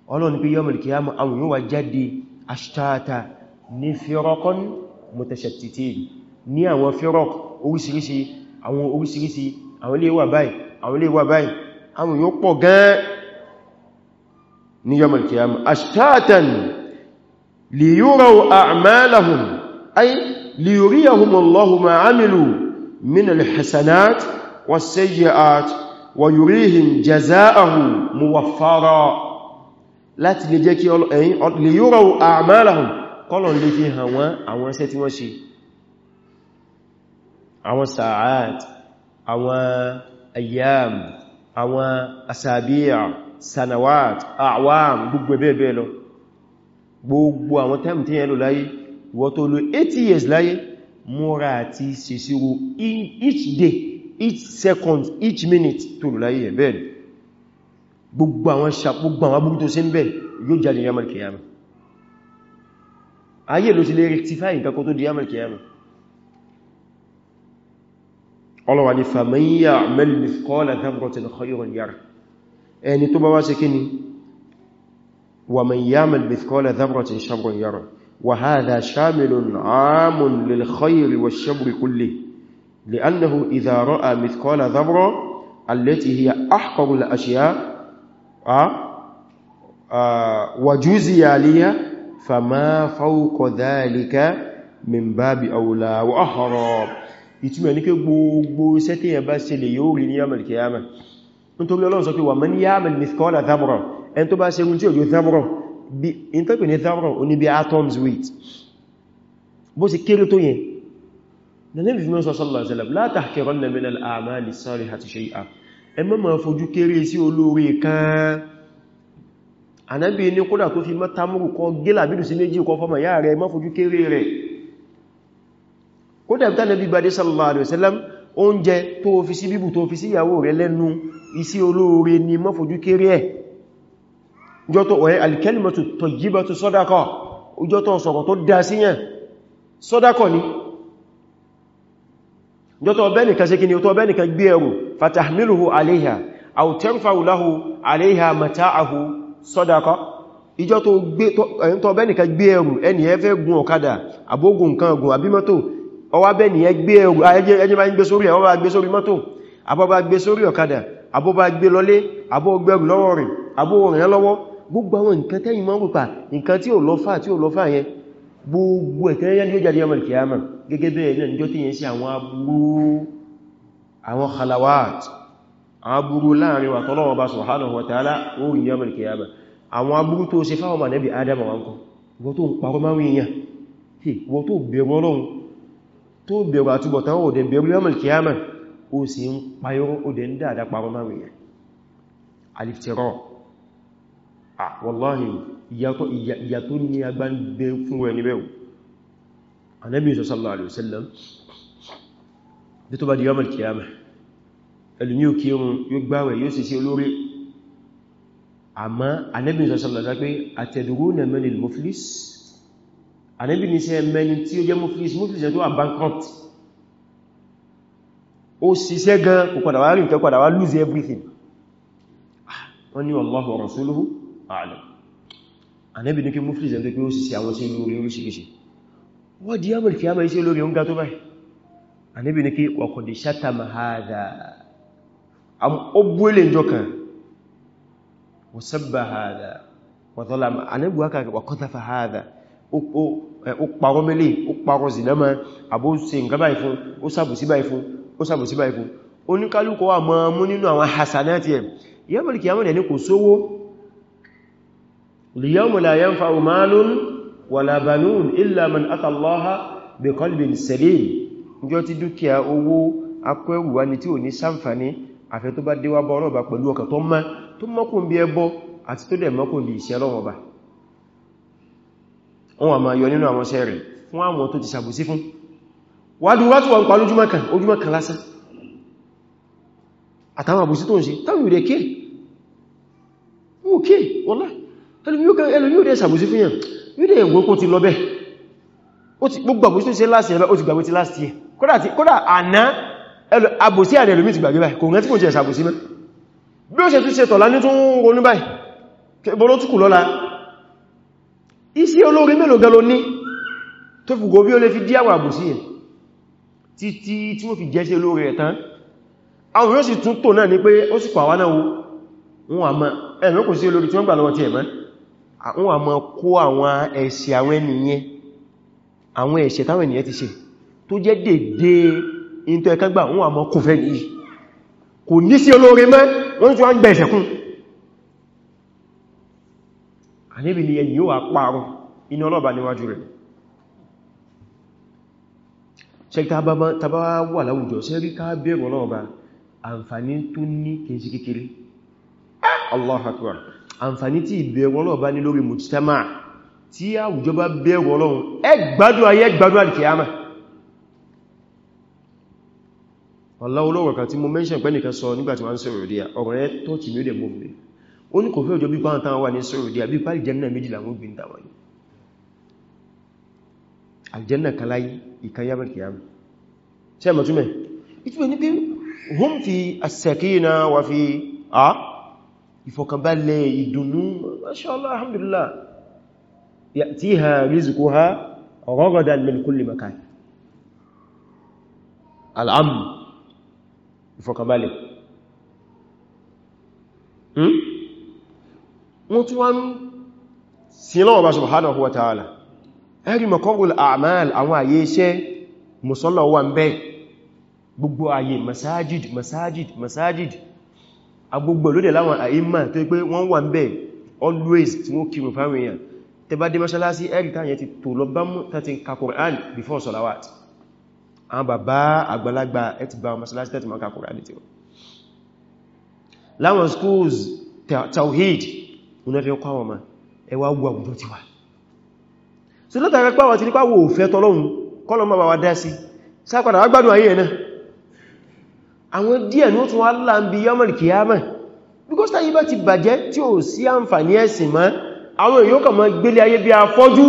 أولون في يوم القيامة أو يوجد أشتاتا نفرق متشتتين ní àwọn firok oríṣiríṣi àwọn oríṣiríṣi àwọn ilé wà báyìí àwọn ilé wà báyìí àwọn yóò pọ̀ gan ní yawmal qiyamah ashtatan li yuraw a'malahum ay li yuriyahum Allahu ma 'amilu min al-hasanat was-sayyi'at wa yurihim jaza'ahu muwaffara láti lè jẹ́ kí li yuraw lè fi hàn wọ́n àwọn iṣẹ́ tí wọ́n ṣe àwọn sa'ad àwọn ayyam àwọn asabiya sanawat awam gbogbo ẹbẹ́ ẹbẹ́ lọ gbogbo àwọn time tí láyé wọ́n tó 80 years láyé múra àti ṣèṣirò each day each second each minute tó lò láyé ẹ̀bẹ́ gbogbo àwọn sàpógbò àwọn abúgbò tó sí ń bẹ̀ yóò jáde yamal kiyama ayé ló ti lè rectify nǹkan kó tó di yamal kiyama ọlọ́wà ní fàmíyà mẹ́lìmí kọ́lá dábọ̀tìn kọ́yọ̀rọ̀ yára ẹni tó bá wá sí kíni wà mẹ́ yá mẹ́lìmí kọ́lá dábọ̀tìn ṣàbọ̀n yára wà ha dá ṣàmìlùn àmùn lèlkhayri wa ṣàbùrì kulle li'annahu idha ra'a mithqala dhabra allati hiya ahqaru al-ashya wa juziya liya fama fawqa dhalika min babi awla wa ahrab ìtumọ̀ ní pé gbogbo iṣẹ́ tí yẹn bá ṣe lè yóò rí ní yamal kiyama nítorí Ọlọ́run sọ pé wà man ya'mal mithqala dhabra ẹn tó bá ṣe mú tí òjò dhabra bí in tó pè ní dhabra ó ní bí atoms weight bó ṣe kéré tó yẹn na níbi fíìmọ́ sọ sallallahu alaihi wasallam la tahqiranna min al-a'mali salihati shay'a fi mọ́ tamuru kọ kódà bí tánàbí gbadé sallallahu alaihi wasallam oúnjẹ tó fi sí bíbù tó fi sí ìyàwó rẹ̀ lẹ́nu isi olóore ni má fojú kéré ẹ̀ jọ tó ọ̀yẹ́ alkalimatu tayyibatu sadaqa ojọ́ tó sọ̀rọ̀ tó dá síyàn sadaqa ni jọ tó ọbẹ́ nìkan ṣe kí ni tó ọbẹ́ nìkan gbé ẹrù fatahmiluhu alaiha aw tarfa'u lahu alaiha mata'ahu sadaqa ìjọ tó ọbẹ́ gbé ẹrù ẹni ẹ gun ọ̀kadà àbógun nǹkan ọgùn àbímọ́tò ọwá bẹ́ ní ẹgbẹ́ ẹjẹ́ bá ń gbé sórí àwọn bá gbé sórí mọ́tò àbọ́ bá gbé sórí ọ̀kadà àbọ́ bá gbé lọlé àbọ́ gbẹ̀rù lọ́wọ́ rẹ̀ àbọ́ rẹ̀ lọ́wọ́ gbogbo àwọn nǹkan tẹ́yìn mọ́ rúpa nǹkan tí ò lọ́fà tí ò lọ́fà yẹn gbogbo ẹ̀tẹ́yẹn ni ó jáde ọmọ ìkìyàmọ̀ gẹ́gẹ́ bẹ́ẹ̀ náà níjọ́ tí yẹn sí àwọn aburú àwọn khalawat àwọn aburú láàrin àtọ́lọ́wọ́ bá subhanahu wa ta'ala ó rí ọmọ ìkìyàmọ̀ àwọn aburú tó wọ́n tó ń ọlọ́run tó bẹ̀rù àtúbọ̀tán ò dẹ̀ bẹ̀rù yọ́mọ̀ kíyàmà ó sì ń payọ́rọ̀ ó dẹ̀ ń dáadáa parọ́ márùn yẹn aliftirọ́ wallahi ìyà tó ní agbá ń bẹ fún wọn ní bẹ̀rù anábì sallallahu alaihi wasallam bí tó bá àmá anábì sallallahu pé atadruna manil muflis àníbì ní ṣe mẹni tí ó jẹ́ muflis muflis tó wà bankrupt ó ṣiṣẹ́ gan kò padà wá rí nǹkan padà lose everything ah, wọ́n ní wallahu wa rasuluhu a'lam àníbì ní kí muflis ẹ̀ntẹ́ pé ó ṣiṣẹ́ àwọn sí lórí oríṣìíríṣìí wọ́n di yàmù kí a máa iṣẹ́ lórí oúnjẹ tó báyìí àníbì ní kí wa qad shatama hadha ó bú ó parọ́ mẹ́lẹ̀ ó parọ́ zìnàmà àbó ṣe nǹkan báyìí fún ó sàbòsí báyìí fún ó sàbòsí báyìí fún oníkálùkọ́ wà mọ́ mú nínú àwọn hasanati ẹ̀ yẹ́mọ̀lì kìí àmọ́ ní kò sówó liyawma la yanfa'u malun wala banun illa man ata Allaha bi qalbin salim njọ́ ti dúkìá owó akọ́ẹ̀wùwá ni tí ò ní sàǹfàní àfẹ́ tó bá déwà bọ́ ọ̀rọ̀ bá pẹ̀lú ọkà tó mọ́ tó mọ́kùn bí ẹbọ àti tó dẹ̀ mọ́kùn bí ìṣẹ́ lọ́wọ́ wọ́n wà máa yọ nínú àwọn sẹ́rì fún àwọn tó ti sàbòsí fún wádùú wá tó wà ń pa lójúmọ́ kan ojúmọ́ kan lásán àtàwọn àbòsí tó ń ṣe táwọn ìrẹ̀ kéè wó kéè wọ́lá ẹlùmí ò dẹ̀ sàbòsí fún yàn yóò dẹ̀ ẹ̀wọ́ kó ti lọ bẹ́ gbogbo àbòsí tó ṣe láti ẹ̀bẹ́ ó ti gbàgbé ti láti ẹ̀ kódà àná àbòsí àrẹ̀ ẹlùmí ti gbàgbé báyìí kò rántí kò jẹ́ sàbòsí mẹ́ lọ́la iṣẹ́ olórin mélòó gan ló ní tó fi gòbí o lè fi dí àwọn àbòsí ẹ̀ títí tí wọ́n fi jẹ́ṣẹ́ olórin ẹ̀ tán àwọn yóò sì tún tò náà ní pé ó sì pàwà náà wọn àmọ́ ẹ̀rùn kò sí olórin tí wọ́n gbà lọ́wọ́ ti ẹ̀mọ́ àwọn àmọ́ kó àwọn ẹ̀ṣẹ̀ àwọn ènìyàn àwọn ẹ̀ṣẹ̀ táwọn ènìyàn ti ṣe tó jẹ́ dédé into ẹ̀kan gbà wọn àmọ́ kò fẹ́ yìí kò ní sí olórin àníbì ni ẹni yóò wà pààrùn iná ọlọ́bà níwájú rẹ̀ ṣe tàbá wà láwùjọ ṣe rí ká bẹ̀rù ọlọ́ọ̀bá àǹfàní tó ní kèsì kékeré Allahu Akbar àǹfàní tí ìbẹ̀rù ọlọ́ọ̀bá ní lórí mujtama tí àwùjọ bá bẹ̀rù ọlọ́run ẹ gbádùn ayé gbádùn alìkìyàmà ọlá olóòrùn kan tí mo ó ní kò fẹ́ òjò bí pàǹtà wà ní Saudi àbí pàlì jẹ́nà méjìlá mú gbìn tàwà ní aljanna kalayi ìkanyàmà kìyàmà ṣe mọ̀túnmẹ̀ ìtúmẹ̀ ní pé hum fi as-sakina wà fi a ìfọ̀kànbalẹ̀ ìdùnnú masha Allah alhamdulillah ya'tiha rizquha ragadan hmm? wọ́n tún wọ́n sílọ́wọ́ bá subhanahu wa ta'ala ẹ̀rí mọ̀kọ́rùl àmàl àwọn àyè iṣẹ́ musalla wà ń bẹ gbogbo àyè masajid masajid masajid agbogbo lóde láwọn àìmà tó pé wọ́n wà ń bẹ always tí wọ́n kírun fáwọn èèyàn tẹ bá dé mọ́ṣálásí ẹ̀rí táyẹ ti tò lọ bá mú tàti ka Qur'an before salawat àwọn bàbá àgbàlagbà ẹ ti bá onáfẹ́ ọkọ̀ àwọn ọmọ ẹwà gbọ́ àwùjọ ti wà so látàrí pàwọ̀ ti nípa wò fẹ́ tọ́lọ́run kọ́lọ̀ ma wà dá sí sápadà agbádùn ayé ẹ̀nà àwọn díẹ̀ ní ó tún wá láàbí yọmọ̀rì kìyàmọ̀ because táyí bá ti bàjẹ́ tí ó sí àǹfààní ẹ̀sìn mọ́ àwọn èèyàn kàn mọ́ gbélé ayé bí afọ́jú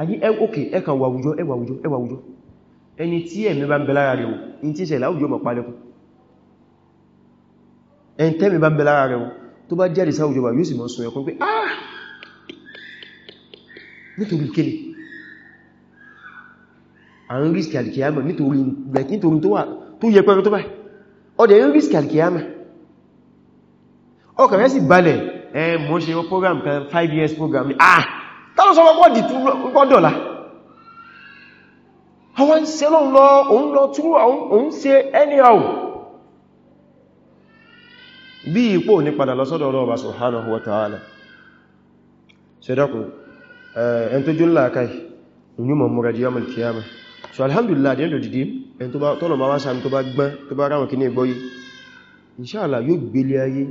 ayé ẹ̀kọ́kẹ́ ẹ̀kàn wàwùjọ ẹwàwùjọ ẹwàwùjọ ẹni tí ẹ̀mí bá ń bẹ lára rẹ̀ ò ní tí ìṣẹ̀lẹ̀ àwùjọ mọ̀ palẹ́kùn ẹn tẹ́mì bá bẹ lára rẹ̀ tó bá jẹ́rì sáwùjọ bá yóò sì mọ́ sọ ẹkùn pé ah nítorí kíni a ń rísì alkiyama nítorí tó yẹ pẹ́rẹ tó báyìí ọdẹ̀ ń rísì alkiyama ọkà rẹ̀ sì balẹ̀ ẹ mọ́ ṣe wọ́n program kan 5 years program ni ah tánà sọ wọ́pọ̀ dì pọ́dọ̀lá àwọn ń se lọ́n lọ òun lọ túrú òun se anyhow bí ipò ní padà lọ́sọ́dọ̀ ọlọ́ọ̀bá subhanahu wa ta'ala ṣẹ́dọ́kùn ẹn tó jùlọ àkáì inú múra di yọmọ̀ kìyàmà so alhamdulillah di ẹndọ̀ dìde ẹn tó bá tọ́nà bá wá sami tó bá gbọ́n tó bá ráwọn kìíní gbọ́yí inṣáàlá yóò gbélé ayé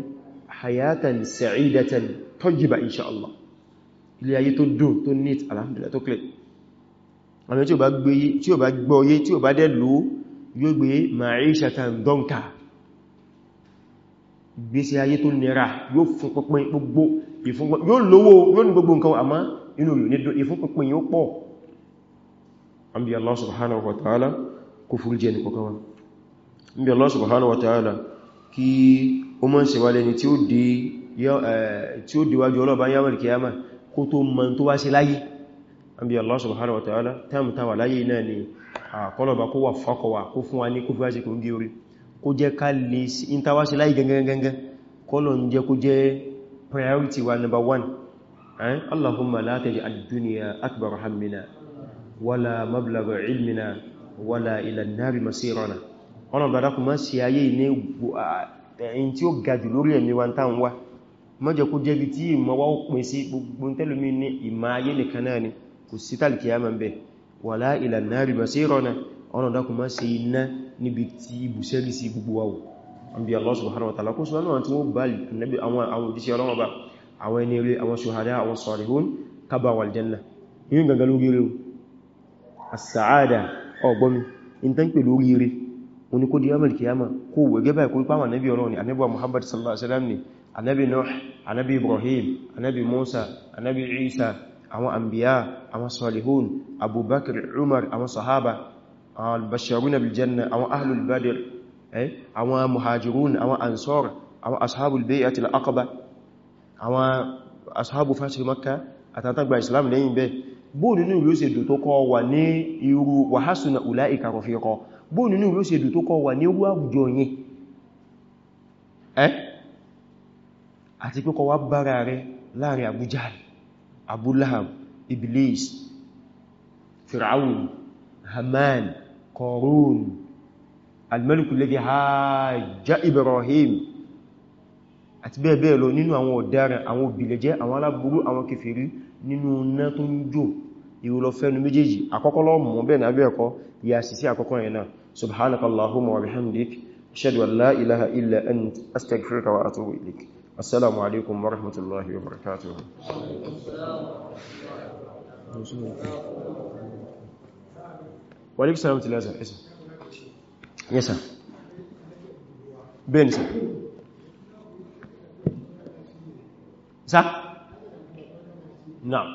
hayatan sa'idatan tọ́jìbà alhamdulillah tó clean àwọn tí ó bá gbọ́yé tí ó bá dẹ̀ lò gbésí ayé tó nira yóò fún pínpín gbogbo yóò lówó yóò ní gbogbo nǹkan àmá inú yóò nídò ìfún pínpín yóò pọ̀ àbí Allah subhanahu wa ta'ala kó fúrú jẹ́ ní kọkọwa àbí Allah subhanahu wa ta'ala kí ó mọ́ ṣe wà lẹ́ni tí ó díwájú ọlọ́ba yawon kiyama kó tó mọ́ Allah subhanahu wa ta'ala táàmù táwà láyé náà ni àkọlọ̀bà wa ní kó fi kó jẹ́ ká lè intawáṣe láì gangan kọ́lọ̀ ń jẹ́ kó jẹ́ priority wa number one allahumma la taj'al ad akbar hammina wala mablagha ilmina wala ila masirana ọ̀nà bàdákù má sí ayé ní ẹ̀yìn tí ó gajù lórí ẹ̀mí wa tán wá má jẹ́ kó jẹ́ bí tí ìmọ̀ wá pín sí gbogbo tẹ́lùmí ní ìmá ayé nìkan náà ni kò sí tàlìkì yá mọ̀ bẹ̀ wala ila masirana ọ̀nà dákùn má ṣe iná níbi tí ibùsẹ́rí sí gbogbo wa wọ́n bí Allah subhanahu wa ta'ala kó sọ́nà àwọn tí wọ́n bá lè àwọn òjíṣẹ́ ọlọ́wọ́ bá àwọn ẹni rẹ̀ àwọn ṣuhada àwọn salihun kaba wal janna yíò gangan lórí rẹ̀ as-sa'ada ọgbọ́mi in tán pè lórí rẹ̀ wọn kó di yamal kiyama kó wẹ́gẹ́ báyìí kó ipá àwọn anábì ọlọ́ni anábì Muhammad sallallahu alaihi wasallam ni anábì Nuh anábì Ibrahim anábì Musa anábì Isa àwọn anbiya àwọn salihun Abubakar Umar àwọn sahaba al-basharuna bil janna àwọn ahlul badr eh àwọn muhajirun àwọn ansar àwọn ashabul bay'atil aqaba àwọn ashabu fatih makkah àtàntà gba islam lẹ́yìn bẹ́ẹ̀ bóò nínú ìlú ṣe dùn tó kọ́ wà ní irú wàhásùnà ulaika rafiqa bóò nínú ìlú ṣe dùn tó kọ́ wà ní irú àwùjọ yìí ẹ́ eh, àti pé kọ wá bára rẹ láàrin Abu Jahl Iblis Fir'aun Haman قارون الملك الذي هاج إبراهيم àti bẹ́ẹ̀ bẹ́ẹ̀ lọ nínú àwọn ọ̀daràn àwọn òbìlẹ̀jẹ́ àwọn aláburú àwọn kèfèrí nínú iná tó ń jò ìrọlọ fẹ́nu méjèèjì àkọ́kọ́ lọ mọ̀ bẹ́ẹ̀ náà bẹ́ẹ̀kọ́ ya sì sí àkọ́kọ́ rẹ̀ náà subhanakallahumma wa bihamdik ashhadu an la ilaha illa ant astaghfiruka wa atubu ilaik assalamu alaikum wa rahmatullahi wa barakatuh wàlíkù sàrámù ti lásà ẹ̀sà yẹ́sà bẹ́ẹ̀ni sà sá náà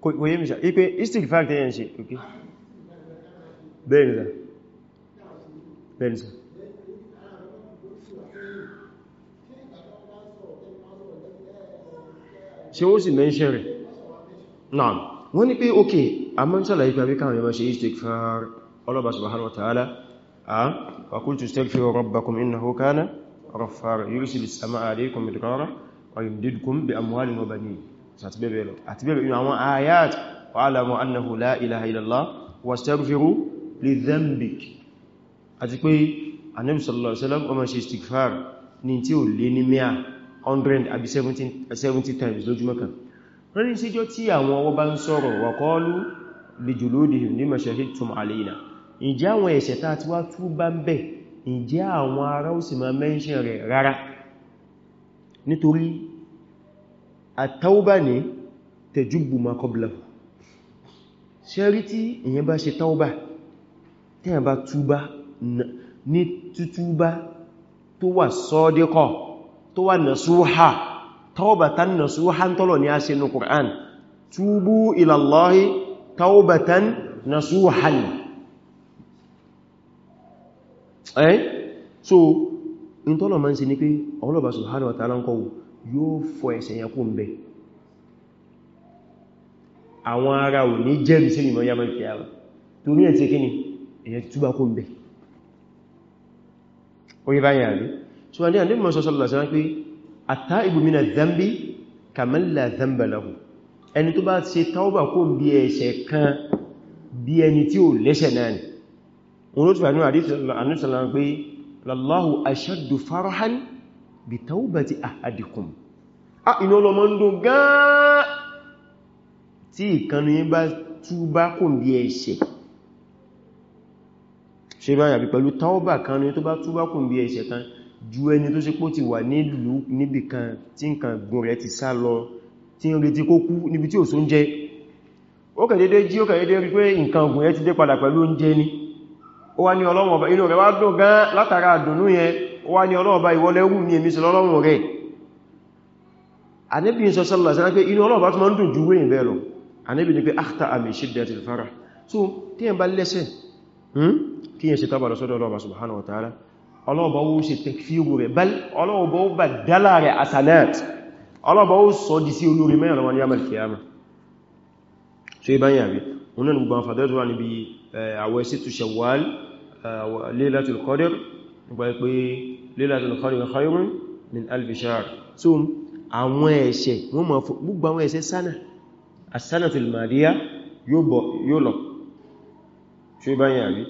kò yé mi sà ipé istighfar tẹ́yẹn ṣe ok bẹ́ẹ̀ni sà bẹ́ẹ̀ni sà ṣe ó sì mẹ́ṣẹ́ rẹ̀ náà wọ́n ní pé ok a mọ́ sọ́lá ipa bí káwọn yọmọ́ ṣe istighfar ọlọ́bà subhanahu wa ta'ala a wa qultu istaghfiru rabbakum innahu kana ghaffara yursil as-samaa 'alaykum midrara wa yumdidkum bi amwalin wa banin àti bẹ́ẹ̀ lọ àti bẹ́ẹ̀ inú àwọn ayat wa alamu annahu la ilaha illallah wastaghfiru li dhanbik tí ó lé ní mẹ́à 100 àbí 70 times lójúmọ́ kan wọ́n ní síjọ́ tí àwọn ọwọ́ bá ń sọ̀rọ̀ wa qalu li juludihim lima shahidtum alayna ǹjẹ́ àwọn ẹ̀ṣẹ̀ tá ti wá tú bá ń bẹ̀ ǹjẹ́ àwọn ará ó sì máa mẹ́ṣẹ̀ rẹ̀ rárá nítorí àtàúbà ní tẹjúbù tó wà nasuha taubatan nasuha tọ́lọ̀ ni a ṣe ní Qur'an túbú ilallahi taubatan nasuhan eh so in tọ́lọ̀ ma ń ṣe ní pé ọlọ́bà subhanahu wa ta'ala ń kọwọ́ yóò fọ ẹ̀ṣẹ̀ yẹn kún bẹ àwọn ará ò ní jẹ́rì sí ìmọ̀ yàmọ̀ báyìí àrí so ani Ànábì Muhammad sallallahu alaihi wasallam pé at-ta'ibu min adh-dhanbi kaman la dhanba lahu ẹni tó bá ṣe tauba kò bí ẹ̀ṣẹ̀ kan bí ẹni tí ó lẹ́ṣẹ̀ náà ni wọ́n ló ti wà ní hadith Ànábì sallallahu pé lallahu ashaddu farahan bi taubati ahadikum ah ino lo mo ndo ju ẹni tó ṣe pó ti wà nílùú níbìkan tí nǹkan gùn rẹ̀ ti sá lọ tí ń retí kó kú níbi tí ò só ń jẹ ó kàn dédé jí ó kàn dédé rí pé nǹkan gùn rẹ̀ ti dé padà pẹ̀lú oúnjẹ ni ó wá ní Ọlọ́run ọba inú rẹ̀ wá gan látara àdùnnú yẹn ó wá ní Ọlọ́run ọba ìwọlẹ́wù ní èmi sọlọ́run rẹ̀ Ànábì sọ sallallahu alaihi wasallam pé inú Ọlọ́run ọba tó máa ń dùn ju wéyìn bẹ́ẹ̀ lọ Ànábì ní pé akhta'a min shiddatil farah so tí ẹ bá ọlọ́ọ̀bá ó ṣe tẹ̀kfíru rẹ̀ bẹ́l ọlọ́ọ̀bá ó bà dálà rẹ̀ asanat ọlọ́ọ̀bá ó sọ di sí olórin mẹ́rin lọ́wọ́ ní amẹ́lìkìyàmà so ibá yàrí wọn náà gbogbo àfàdẹ́ tó wà níbi àwẹ̀ sítù Shawwal Laylatul Qadr nípa pé Laylatul Qadr khayrun min alfi shahr so àwọn ẹ̀ṣẹ̀ wọ́n ma fún gbogbo àwọn ẹ̀ṣẹ̀ sánà as yóò lọ so ibá yàrí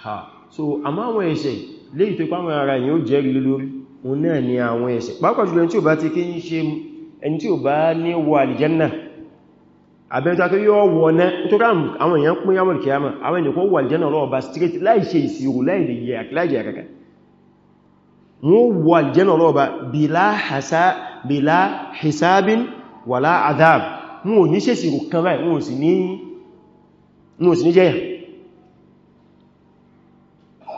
ha so àmọ́ àwọn ẹ̀ṣẹ̀ léyìí tó pàwọn ara yìí ó jẹ́rìí lé lórí òun náà ni àwọn ẹ̀ṣẹ̀ pàápàá jùlọ ẹni tí ò bá ti kí ń ṣe ẹni tí ò bá ní wọ àlìjẹ́nà àbẹ́ntà tó yóò wọ náà tó rá àwọn èèyàn pín yàmọ̀ kìyàmọ̀ àwọn ènìyàn kó wọ àlìjẹ́nà lọ́wọ́ bá straight láì ṣe ìṣirò láì jẹ́ wọ́n ní jẹ́yà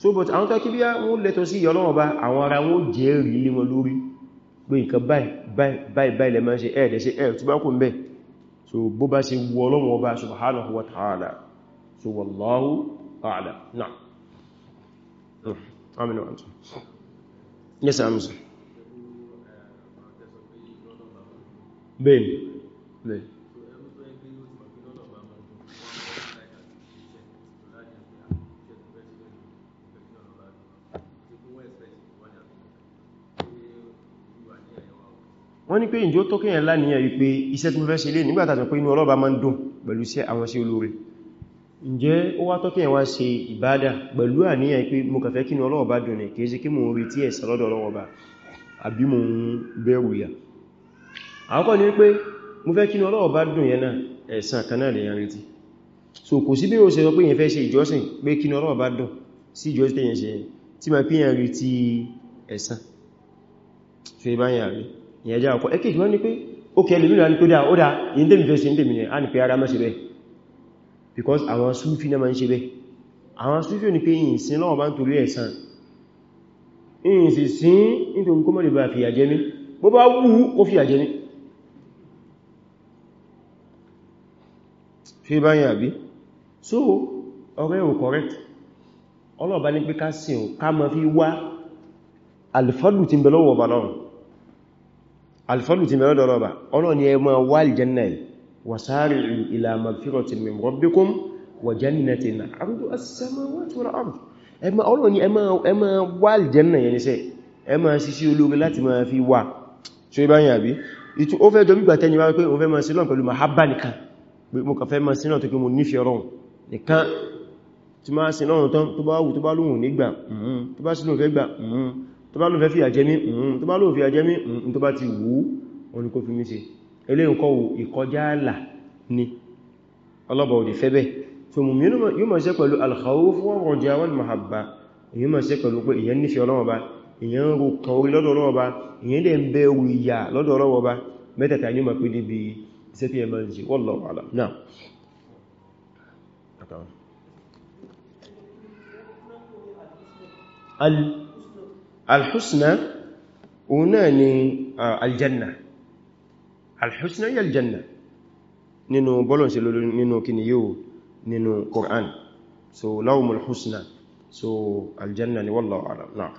so but àwọn tó kí bí wọ́n lẹ́tọ̀ sí ìyọ́lọ́wọ́ bá àwọn ara wọn jẹ́rìí lé wọn lórí pé nǹkan báyìí báyìí báyìí lẹ máa ṣe ẹ̀ẹ̀dẹ̀ ṣe ẹ̀ẹ̀ tó bá kò ń bẹ̀ so bó bá ṣe wọ Ọlọ́run wọ́n ní pé ìjọ tó kíyàn láníyàn wípé iṣẹ́ tí mo fẹ́ ṣe lé nígbàtà sọ pé inú ọlọ́ba máa ń dùn pẹ̀lú sí àwọn sí olóore ǹjẹ́ ó wá tó kíyàn wá ṣe ìbádà pẹ̀lú àníyàn pé mo kàfẹ́ kí inú ọlọ́ba dùn ni pé mo fẹ́ kí inú ọlọ́ba dùn yẹn náà ẹ̀san kan náà lèyàn retí so kò sí bí o ṣe sọ pé yẹn fẹ́ ṣe ìjọsìn pé kí ìbáyàn rí ìyẹn jẹ́ àkọ́ ìgbọ́n ní pé ó kẹ́ lè lúra tó dáa ó dáa yìí tẹ́mì fẹ́ sí tẹ́mì ní a ní pé ara mọ́ bẹ́ because àwọn súfí náà ma ń ṣe bẹ́ àwọn súfí ní pé yìí sí lọ́wọ́ bá ń torí ẹ̀san yìí sì sí nítorí kó mọ́lẹ̀ bá fìyà jẹ mí bó bá so ọ̀rẹ́ ò correct ọlọ́ọ̀bá ní pé ká sí ká mọ́ fi wá alifadlu ti ń bẹ lọ́wọ́ alfọ́lù ti mẹ́rọ dọ̀rọ̀bà ọlọ́ni ẹ máa wá aljanna wa sari'u ila magfiratin min rabbikum wa jannatin ardu as-samawati wal ardu ẹmà ọlọ́ni ẹ máa wá aljanna yẹn níṣẹ́ ẹ máa ṣiṣi olóri láti máa fi wà ṣe bá yà bí ìtù ó fẹ́ jọ gbígbà tẹ́ni wá pé ó fẹ́ máa sí lọ́n pẹ̀lú mahabba nìkan tó bá lóun fẹ́ fìyà jẹ mí mm, tó bá lóun fìyà jẹ mí mm, tó bá ti wù ú òun kó fi mí ṣe eléyìn kọ́ ìkọjá àlà ni ọlọ́bọ̀ òdì fẹ́ bẹ́ẹ̀ so mú yíò mọ̀ sí pẹ̀lú al-khawf wa raja wal mahabba èyí mọ̀ sí pẹ̀lú pé èyàn nífẹ́ ọlọ́wọ́ bá èyàn rò kan orí lọ́dọ̀ ọlọ́wọ́ al alhusna òun náà ni aljanna alhusna yẹ aljanna nínú bọ́lọ̀n sí lórí nínú kíni yóò nínú Qur'an so lahumul husna so aljanna ni wallahu a'lam náà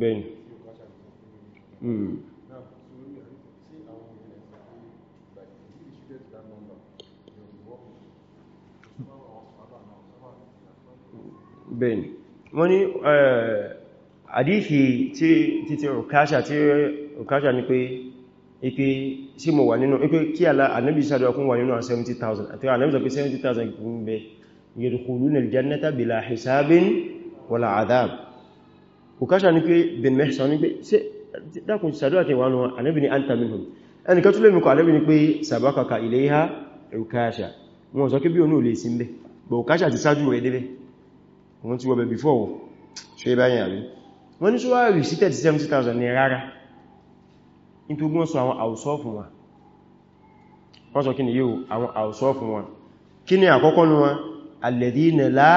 bẹ́yìn hmm. bẹ́ẹ̀ni wọ́n ní àdífì tí ti rùkáṣà tí rùkáṣà ní pé ipe sí mo wà nínú ipe kí ànábì sàdọ̀ kún wà nínú 70,000 àti ànábì sọ pé 70,000 kún bẹ yadkhuluna al-jannata bila hisabin wala adhab rùkáṣà ní pé bin mihsan ní pé sí dákùn sàdọ̀ àti wà nínú ànábì ni anta minhum ẹni kẹ́ túnlẹ̀ mìkọ̀ ànábì ni pé sabaqaka ilayha rùkáṣà wọn sọ kí bí onú ò lè sí mbẹ̀ bọ̀ rùkáṣà ti sáájú rẹ̀ débẹ̀ wọ́n ti wọ́bẹ̀ before wọ́ ṣe báyìí àrí wọ́n ní ṣúwá rí sí 37,000 ní rárá nítorí wọ́n sọ àwọn àwùsọ́ọ̀fún wa wọ́n sọ kí ni yíò àwọn àwùsọ́ọ̀fún wa kí ni àkọ́kọ́ ní wọn alladhina la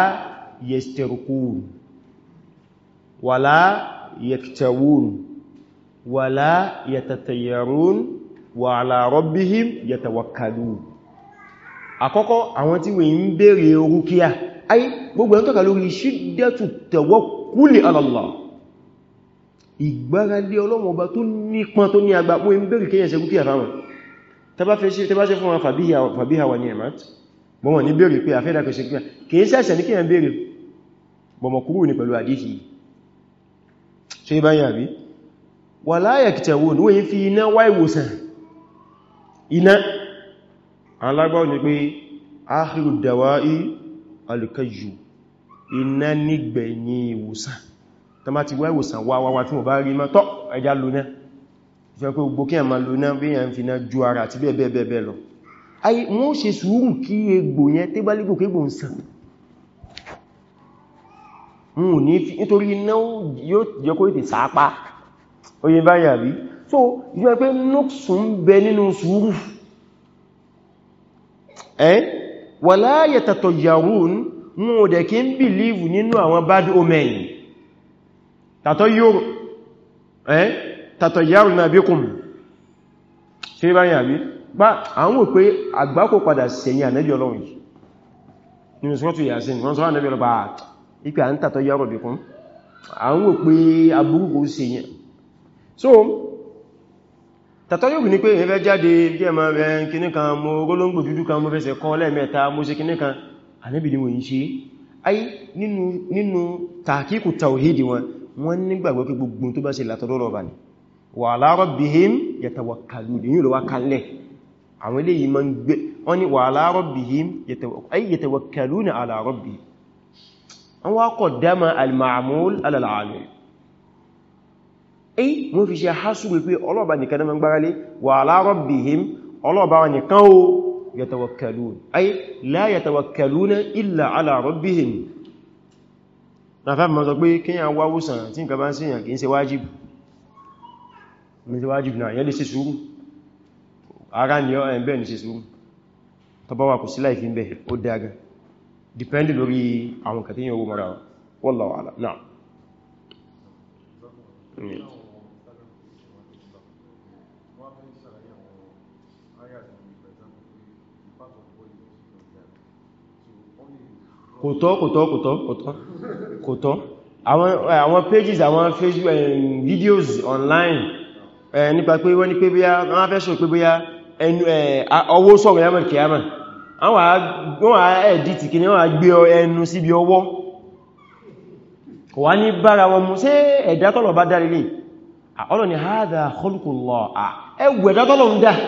àkọ́kọ́ àwọn tí wọ́n ń bèèrè orúkíyà ay gbogbo ẹ̀ ń tọ́ka lórí ṣídẹ́tù tẹ̀wọ́kúlì alàlá ìgbáralé ọlọ́wọ́ ọba tó nípọn tó ní agbá pé ń bèèrè kéyẹ̀ ṣe rúkìá fáwọn tẹbá ṣe fún wọn fàbíhà wà ní ẹ̀mát mọ́mọ̀ ní bèèrè pé àfẹ́dà kẹsẹ̀ kíyà kìí sẹ́sẹ̀ ní kíyàn bèèrè mọ̀mọ̀ kúrò ní pẹ̀lú àdíṣì ṣe bá yà rí wà láyẹ̀ kìtẹ̀wò ní wọ́n fi iná alùkẹjù iná nígbẹ̀yìn ìwòsàn tó má ti wá ìwòsàn wá wá wá tí mo bá rí mọ́ tọ́ ẹjá lóná ìfẹ́ pé gbogbo kí ẹ ma lóná bí yẹn fi náà ju ara àti bẹ́ẹ̀ bẹ́ẹ̀ bẹ́ẹ̀ lọ ayé wọ́n ṣe sùúrù kí egbò yẹn tí bá lígbò kégbò so ìjọ pé nóksùn bẹ nínú wàlá yẹ̀tàtọ̀ yàrún mú o dẹ̀ kí ń bìlìvù nínú àwọn bad omen tàtọ̀ yàrún náà bí kùn ṣe bá yàbí bá àwọn òpé àgbákò padà sẹ̀yìn ànẹ́bí ọlọ́run yìí nínú sọ́tù yàsìn wọ́n sọ́rọ̀ ànẹ́bí ọlọ́pàá ìpẹ́ so tàtọ́ yóò ní pé ìrẹ́ jáde bí ẹmọ rẹ̀ kìníkan mo rólóngbò dúdú kan mo fẹ́sẹ̀ kọ́ lẹ́ẹ̀mẹ́ta mo ṣe kìníkan ànábì ni wọ́n yí ṣe ayé nínú tàkíkù tàwíhìdì wọn wọ́n nígbàgbọ́ pé gbogbo tó bá ṣe látọ̀dọ̀ Ọba ni wa ala rabbihim yatawakkalun yìí lọ wá kalẹ̀ àwọn ilé èyí wọ́n fi ṣe hásù wípé ọlọ́ọ̀bá nìkan náà gbáralé wa ala rabbihim ọlọ́ọ̀bá wọn nìkan o yatawakkalun ay la yatawakkaluna illa ala rabbihim na fẹ́ mọ́ sọ pé kíyàn wáwúsàn tí nǹkan bá ń síyàn kìí ṣe wájìbù ní ṣe wájìbù náà yẹ́ lè ṣe sùúrù ara ni ọ́ ẹ̀ bẹ́ẹ̀ ni ṣe sùúrù kò tọ́ kò tọ́ kò tọ́ kò eh, àwọn pages àwọn facebook eh, videos online eh, nípa pé wọ́n ní pé bí i wọ́n fẹ́ sọ pé bí i ọwọ́ sọ̀rọ̀ yàmà kìyàmà wọ́n wà ẹ̀dìtì kì ní wọ́n gbé ẹnu síbi ọwọ́ wà ní bára wọn mú sí ẹ̀dá tọ́lọ̀ bá dá lílé ọlọ́ ni hadha khulqullah ẹwù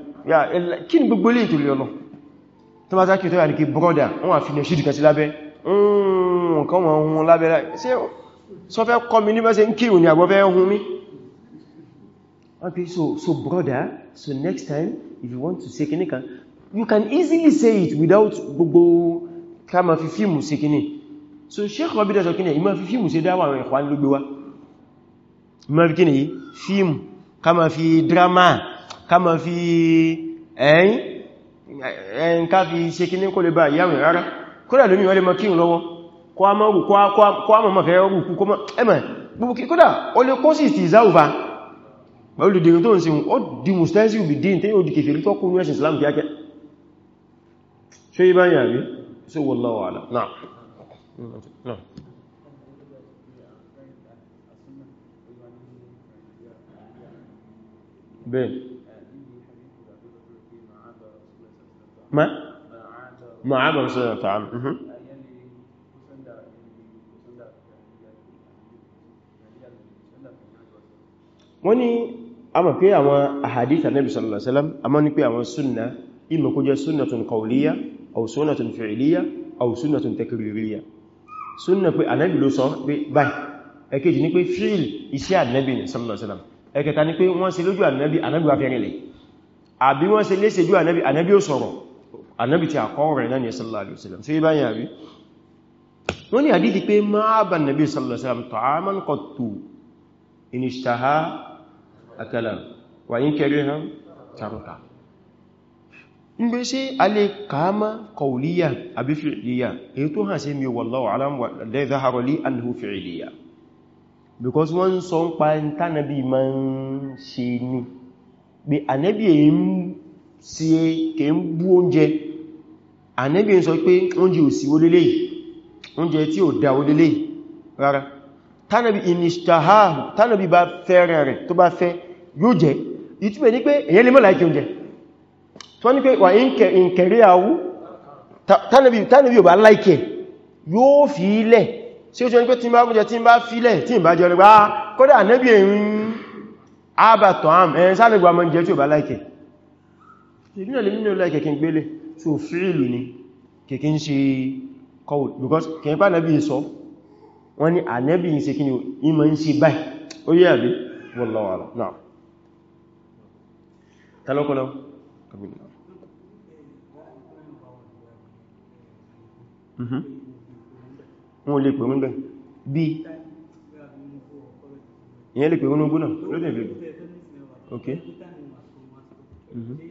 kí ni gbogbo ilé ìtòlẹ̀ ọlọ́ tó bá sákì tó yà ní kí brọ́dà wọ́n àfi ní ṣídìkà sí lábẹ́ hmm, nǹkan wọn hun lábẹ́ ṣe okay so so brother so next time if you want to say kini kan you can easily say it without gbogbo ká ma fi fíìmù so sheikh rabi da sọ kini ìmá fi fíìmù ṣe dáwà àwọn ìkwá ló gbé wá ìmá fi kini fíìmù ká ma fi drama ká ma fi ẹ̀yìn ká fi ṣe kí ní kó lè bá ìyàwó rárá kódà lómi wọ́n lè mọ́ kírùn lọ́wọ́ kó a mọ́ fẹ́ rúkú kó mọ́ ẹ̀mọ̀ gbogbo kí kódà ó lè kó sì ti záùfà pẹ̀lú dìrì tó ń sin ó di mustansi ubi dín tí ó di kèfèrí tó kún ẹ̀sìn Islam kíákẹ́ ṣe yí bá ń yàrí sí wallahu a'lam bẹ́ẹ̀ ما معابا مسؤولية طعام wọ́n ni a mọ̀ pé àwọn ahadith Ànábì sallallahu alaihi wasallam a mọ̀ ní pé àwọn súnnà ìmọ̀ kó jẹ́ sunnatun qawliya aw sunnatun fi'liya aw sunnatun takririya súnnà pé Ànábì ló sọ pé báyìí ẹ̀kejì ní pé fíìl iṣẹ́ Ànábì sallallahu alaihi wasallam ẹ̀kẹta ní pé wọ́n ṣe lójú Ànábì Ànábì wá fẹ́rẹ̀lẹ̀ àbí wọ́n ṣe léṣe jú Ànábì Ànábì ó sọ̀rọ̀ annabi ti àkọ́wọ̀ rẹ̀ náà ni sallallahu alaihi wasallam so yí báyìí àrí wọ́n ni àdídi pé máa bá nàbí sallallahu alaihi wasallam ta'aman qattu in ishtaha akala wa in kariha taraka ń gbé sí alẹ́ kàámá qawliya àbí fi'liya èyí tó hàn because wọ́n sọ ń pa ìtànàbí ma ń ṣe ní pé ànẹ́bí èyí ń ṣe kẹ́ ń bú oúnjẹ Ànábì ń sọ pé oúnjẹ òsì olélé oúnjẹ tí ò dá olélé rárá tánàbí inishtahahu tánàbí bá fẹ́rẹ̀ rẹ̀ tó bá fẹ́ yóò jẹ́ ìtúbẹ̀ ní pé èyẹ́ lè mọ́ láìkí oúnjẹ tó ní pé wà ń kẹ̀rí àwú tánàbí ò bá láìkẹ̀ yóò fi ilẹ̀ sí oúnjẹ pé tí bá oúnjẹ tí bá filẹ̀ tí bá jẹ́ rẹ̀ kódà Ànábì ẹ̀rin àbàtọ̀ àm ẹ̀rin sáàlẹ̀gbà mọ́ jẹ́ tí ò bá láìkẹ̀ so fíìlù ni kìkí ń ṣe kọwù because kẹfà nẹ́bí sọ wọ́n ni ànẹ́bí ń ṣe kíni ìmọ̀ ń ṣe báyìí ó yẹ́ àbí wallahu a'lam náà tàlọ́kọ́lọ́ mm-hmm. wọ́n lè pè mú bẹ́ bí ìyẹn lè pè mú gbónà lóde ìgbègbè ok mm-hmm.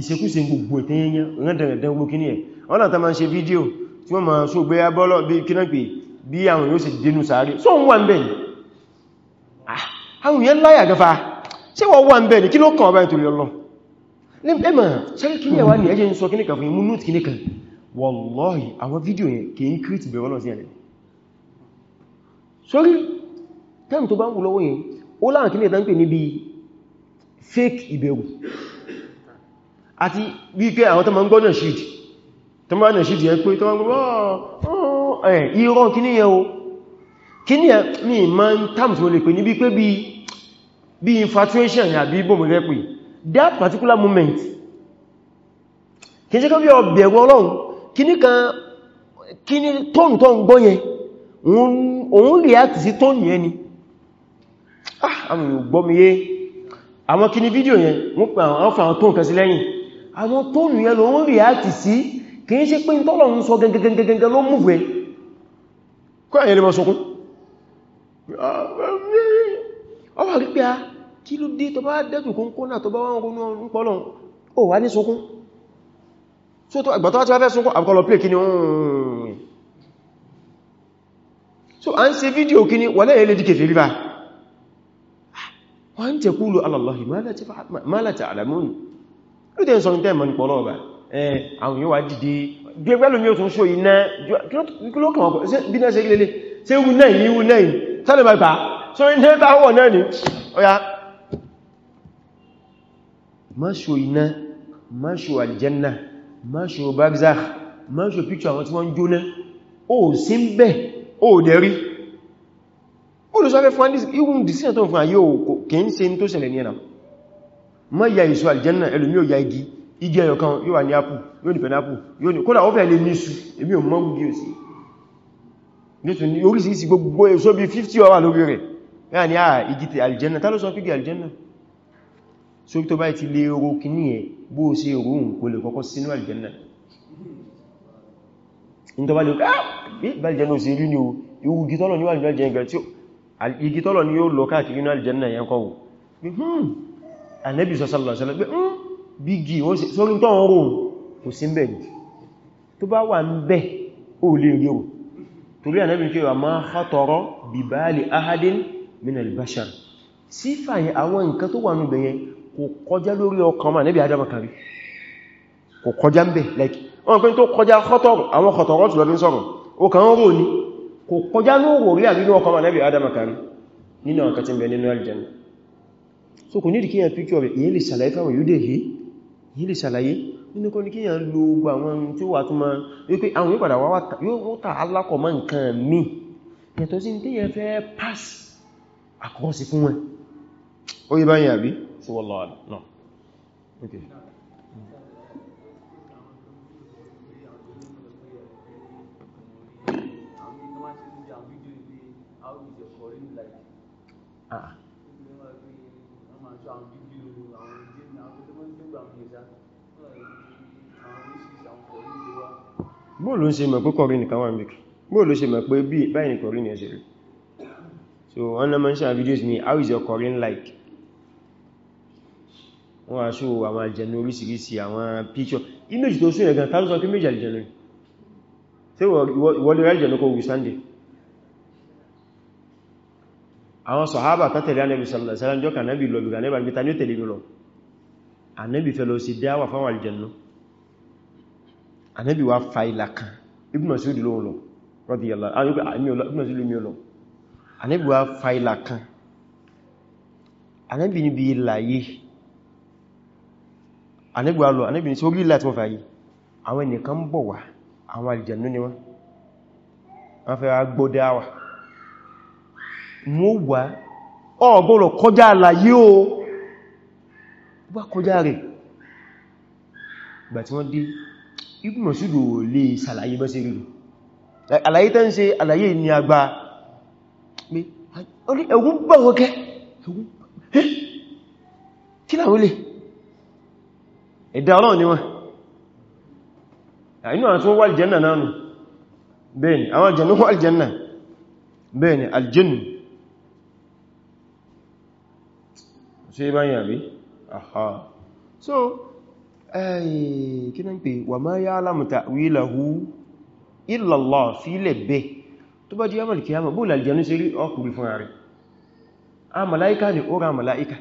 ìṣekúṣe gbogbo ìtẹ́yẹnyẹ rẹ́dẹ̀rẹ̀dẹ̀ ogun kí ní ẹ̀ wọ́n náà ta ma ń ṣe fídíò tí wọ́n ma ṣó gbé abọ́lọ̀ bí kí náà pé bí àwọn yóò sì dénú sàárè só ń wà ń bẹ̀ ní ah, àwọn yẹn láyà gẹfà ṣé wọ́n wà ń bẹ̀ ní kí ló kàn ọba ìtòrí ọlọ́ ẹmà ṣẹ́rí kí ní ẹwà ní ẹjẹ́ ń sọ kíníkà fún imú nút kíníkà wallahi àwọn fídíò yẹn kì í kírìtì bẹ̀rẹ̀ lọ sí ẹ̀rẹ̀ sórí tẹ́m tó bá ń wù lọ́wọ́ yẹn ó láàrín kí fake ìbẹ̀rù àti wípé àwọn tó ma ń gbọ́nà ṣíìdì tó ma ń gbọ́nà ṣíìdì ẹ pé tó ma ń gbọ́nà ẹ̀ irọ́ kíní yẹ o kíní ẹ ní ma ń tàbí mo lè pè ní pé bí infatuation àbí bòmù rẹ pè that particular moment kìí ṣe kọ́ bí ọbẹ̀rún ọlọ́run kíní kan kíní tóònù tó ń yẹn òun react sí tóònù yẹn ah àwọn èèyàn gbọ́ mi yé àwọn kíní fídíò yẹn lẹ́yìn àwọn tóònù yẹn ló ń rí àti sí kì í ṣe pé tọ́lọ̀ ń sọ gẹngẹngẹngẹngẹ ló mú wẹ́ kọ́ ẹ̀yẹ lè mọ́ sọkún ah, eh, ọwà rí pé a ah, kí ló dé tó bá dẹ́jù kún kónà tó bá wọ́n gún ní pọ́lọ̀ ó wà ní sọkún so tó àgbàtọ́ tí wá fẹ́ sọkún àkọlọ̀ play kí ni so a ń ṣe fídíò kí ni wọlé ẹ̀lẹ́ dìkẹ̀ fèrí bá ah, wọ́n tẹ̀kúlù alàlọ́hì má láti àlàmónì ló tẹ́ sọ ní tẹ́mọ̀ nípa ọlọ́ọ̀bà àwọn yóò wá dìde gbẹ́gbẹ́lú mi ó tún ṣó iná kílókàn ọkọ̀ bí náà ṣe gílélé ṣe wú náà yíwú náà yìí tẹ́lẹ̀ bàbá so iná táwọ̀ náà ni ọya má ṣó iná má ṣó aljanna má ṣó barzakh má ṣó píkṣọ àwọn tí wọ́n ń jóná ó sí ń bẹ̀ ó dẹ̀rí olùsọ́fẹ́ fún àdísìn tó fún ayé kìí ṣe tó ṣẹlẹ̀ ní ẹ̀nà mọ́ ya ìṣù aljanna ẹlòmí ò ya igi igi ẹyọ kan yóò wà ní apple yóò ní pineapple yóò ní kódà ó fẹ́ lè níṣù èmi ò mọ́ gúgí òsì nítorí ní orísìírísìí gbogbo èso bí 50 ọwà lórí rẹ̀ yáà ní àà ah, igi ti aljanna tá ló sọ pígi aljanna so tó bá ti lè ro kìíní ẹ bó ah, tọ́lọ̀ ni yóò lọ káàkiri nínú aljanna yẹn kọ́wọ́ anẹ́bì sallallahu alaihi wasallam pé ń bígi sórí tó ń rùn kò sí bẹ̀ ní tó bá wà ń bẹ̀ ó lè rí o torí anẹ́bì kí wà máa khatara bibali ahadin min al sífà àwọn nǹkan tó wà nù bẹ̀yẹn kò kọjá lórí ọkàn mà nẹ́bì adama like wọ́n pín tó kọjá khatara àwọn khatara tùlọ ní sọ̀rọ̀ ó kàn ń rò ní kò kọjá lórí àdínú ọkàn mà nẹ́bì nínú ọkàn tí ń bẹ nínú aljanna so kò nídìí kíyàn picture rẹ̀ èyí lè ṣàlàyé fáwọn yóò dẹ̀ yìí èyí lè ṣàlàyé nínú kọ́ ní kíyàn lo gbogbo àwọn tí ó wà tún máa wípé àwọn yóò padà wá yóò ta alákọ̀ mọ́ nǹkan mi yàtọ̀ sí tíyàn fẹ́ pass àkọ́sí fún wọn ó yí báyìí àbí sí wallahi no okay ah ju àwọn fídíò àwọn jẹ́ni àwọn tó mọ́ ń gbé àwọn yẹ̀sá àwọn oríṣiríṣi àwọn kọ̀rí ṣe wá. ló ṣe mọ̀ pé kọ̀rí nìkan wà níbi bóò ló ṣe mọ̀ pé bí báyìí ni kọ̀rí ni ẹ̀ rí so wọ́n náà mention our videos ni how is your Korean like wọ́n a ṣó àwọn àjẹ̀nú oríṣiríṣi àwọn picture image tó ṣó ẹ̀gàn tàbí sọ pé méjì àjẹ̀nú ṣe ìwọlé rẹ̀ àjẹ̀nú kò wùsàndì àwọn sọ̀hábà tó tẹ̀lé anẹ́bì sọ̀lọ̀sẹ̀lẹ̀ jọ́kà anẹ́bì lọ bìgbà anẹ́bà gbíta ní ó tẹ̀lé lọ anẹ́bì fẹ́ lọ sí dáwà fáwọn aljannu anẹ́bì wá fa ìlà kan Ibn Mas'ud lọ radiyallahu fa ìlà kan anẹ́bì ní bí ìlà mú wà ọgbọ́rọ̀ kọjá àlàyé o bá kọjá rẹ̀ ìgbà tí wọ́n dé Ibn Mas'ud lè sàlàyé bẹ́ sí rí àlàyé tẹ́ ń ṣe àlàyé ní àgbà ẹ̀gún bá wọ́kẹ́ kí láwọn lè ẹ̀dà ọlọ́run ni wọ́n inú àwọn tí wọ́n wà aljanna náà nù bẹ́ẹ̀ni àwọn aljanna wà aljanna bẹ́ẹ̀ni aljanna ṣe báyìí àbí àhá so kí ní pé wà máa yá alámùta wílàhú ìlàlá fílẹ̀ bẹ́ tó bá di yamal kiyama bó lálìjánú sí rí ọkùnrin fún ààrẹ a màláíkà ni ó ra màláíkà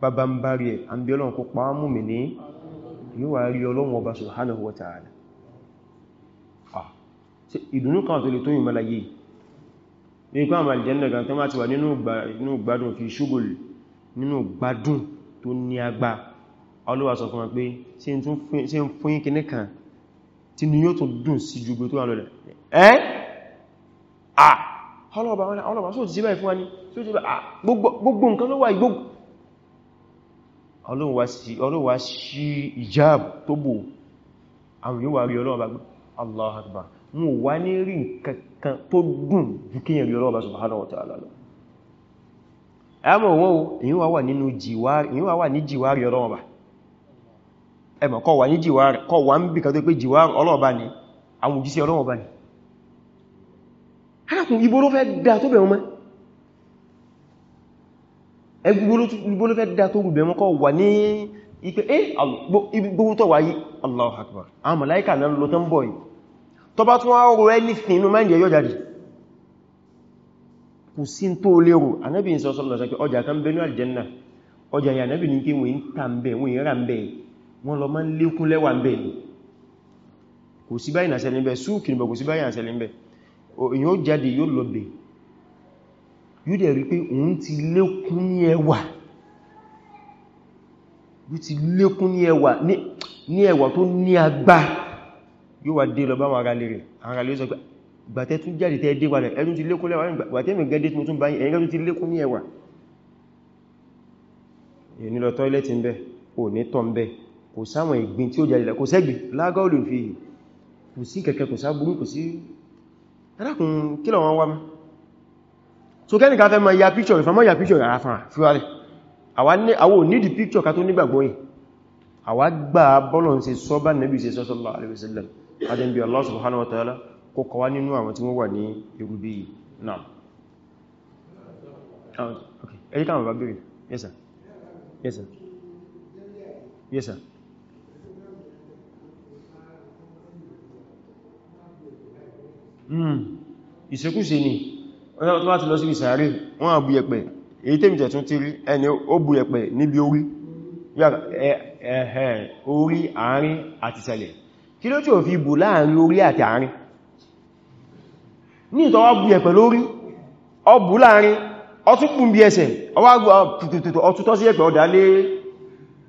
bàbá ń bá rí ẹ̀ àbí ọlọ́run kó pa mú mi ní níwà rí ọlọ́run ọba subhanahu wa ta'ala ìdùnnú kan tó lè tó yìí mọ́láyé ní fi ṣúgbòlù nínú gbádùn tó ní agbá olúwa sọ fún wọn pé ṣe ń fún yín kinní kan tí ni yóò tó dùn sí ju gbé tó wà lọ́lẹ̀ ẹ́ à ọlọ́ọ̀bá wọn ọlọ́ọ̀bá sóò ti síbẹ̀ fún wa ní gbogbo nǹkan ló wà igbógbò ọlọ́wà sí ìjáàbù tó bò àwọn yóò wà rí ọlọ́ọ̀bá gbé Allahu Akbar mú wá ní rí nǹkan tó dùn ju kíyàn rí ọlọ́ọ̀bá subhanahu wa ta'ala lọ ẹmọ wọn o èyí wà wà nínú jìwárí èyí wà ní jìwárí ọlọ́ọ̀bà ẹmọ kọ wà ní jìwárí kọ wà ń pé ọlọ́ọ̀bà ni àwọn òjíṣẹ́ ọlọ́ọ̀bà ni arákùn ibo fẹ́ dá tó bẹ̀rún mọ́ fẹ́ dá tó bẹ̀rún kọ wà ní eh, kò sí tó lérò anábì ń sọ sọ́lọ̀ sọ pé ọjà kan bẹnu aljanna ọjà yà anábì ní kí wọ́n ta ń bẹ̀ wọ́n ìrà ń bẹ̀ wọ́n lọ máa ń lékún lẹ́wà ń bẹ̀ ni kò sí báyìí nàṣẹ́ níbẹ̀ súùkì níbẹ̀ kò sí báyìí nàṣẹ́ níbẹ̀ èyàn ẹwà tó ní agbá yóò wá dé lọ bá wọn ara lè sọ pé gbàtẹ́ tún jáde tẹ́ dé wàlẹ̀ ẹ̀rùn ti lékún lẹ́wà gbàtẹ́ mi gẹ́dẹ́ tún báyìí ẹ̀yìn gẹ́dẹ́ ti lékún ní ẹwà ìnílọ tọ́ílẹ̀tì ń bẹ ò ní tọ́ ń bẹ kò sáwọn ìgbín tí ó jáde kò sẹ́gbì lágọ́ olè fi kò sí kẹ̀kẹ́ kò sáburú kò sí ẹ̀rákùn kí lọ wọn wá mọ́ so kẹ́ni ká fẹ́ mọ ya píṣọ̀ ìfẹ́ mọ́ ya píṣọ̀ ara fún àfíwálẹ̀ àwọ nídi píṣọ̀ ká tó nígbàgbọ́ yìí àwá gbà bọ́lọ̀ ń ṣe sọ́bà nẹ́bí Allah subhanahu wa ta'ala kó kọwa nínú àwọn tí wọ́n wà ní irú bí i náà ẹ̀yí káwọn bá bèèrè yes sir yes sir yes sir hmm. ìṣekúṣe ni ọjọ́ tó bá ti lọ sí ìsàárè wọ́n àbú yẹ̀pẹ̀ èyí tèmi jẹ̀ tún ti rí ẹni ó bú yẹ̀pẹ̀ níbi orí ẹ̀ẹ̀ orí àárín àti ìsàlẹ̀ kí ló tí ò fi bù láàrin orí àti àárín ní ìtọ́wà bú ẹ̀pẹ̀ lórí ọbù láàrin ọtúnpùn bí ẹsẹ̀ ọtútọ́ sí ẹ̀pẹ̀ ọ̀dá lé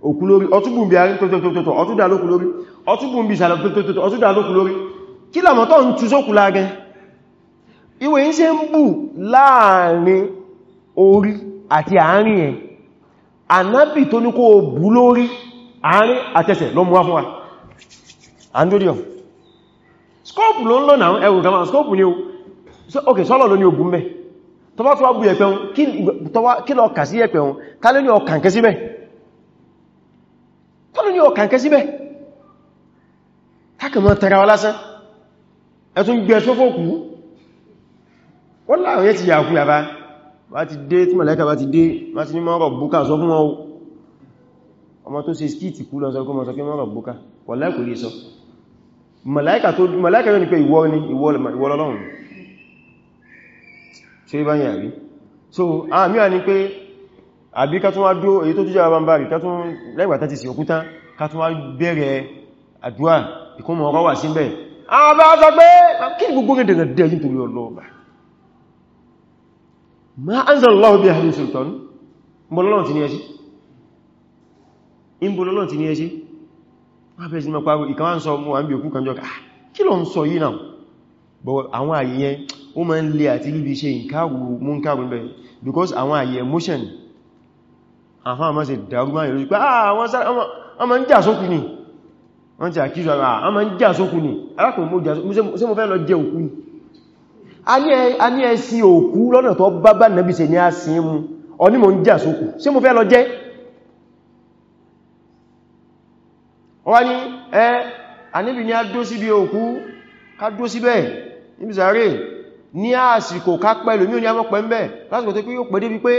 òkú lórí ọtúnpùn bí arín tọ́tọ́tọ́tọ́ ọtúdà lókù lórí ọtúnpùn bí ìsàlẹ̀ tọ́tọ́tọ́ ọtúdà àárín lọ mú wá fún wa ló ń gama ni ok sọ́lọ̀ ló ní ogun mẹ́ tó bá tó wá bú ẹ̀pẹ̀un kí lọ kà sí ẹ̀pẹ̀un ta ló ní ọkànkẹ́ síbẹ̀ ta ló ní ọkànkẹ́ síbẹ̀ takàmọ́ tẹ́ra wa lásán ẹ̀tún gbẹ̀ sófò kú wọ́n láàrin yẹ́ ti yà kú yàbá bá ti dé tí màláíkà bá ti dé má ti ní mọ́rọ̀ búkà sọ fún wọn ọmọ tó ṣe skìtì kú lọ sọ kó mọ́ sọ pé mọ́rọ̀ búkà wọ́n láìkò lè sọ màláíkà yóò ṣe bá yà rí so àmì à ní pé àbí ká wá dúró èyí tó tún jẹ́ àbámbárì ká lẹ́gbàtà ti sì òkúta ká wá bẹ̀rẹ̀ àdúrà ìkúnmọ̀ ọ̀rọ̀ wà síbẹ̀ àwọn bá sọ pé kí gbogbo rẹ̀ ah, yìí náà bọ̀ àwọn ó ma ń lè àti ríbi ṣe ìkàrù múnkàrù bẹ̀ because àwọn àyè emotion àfá àmá ṣe dàrúmà yìí lójú pé ah, àwọn ma ń jà sókù ni wọ́n ti àkíṣù ara àwọn ma ń jà sókù ni arákùnrin mo fẹ́ lọ jẹ òkú a ní ẹ̀sìn òkú lọ́nà tó bábá nàbí ṣe ní a sin mú ọ ní mo ń jà sókù ṣé mo fẹ́ lọ jẹ́ wọ́n ni ẹ́ àníbì ni a dó síbi òkú ká dó síbẹ̀ níbi sàárè ní àsìkò ká pẹ̀lú mí ò ní àmọ́ pẹ̀ ń bẹ̀ lásìkò tó pé yóò pẹ̀ débi pé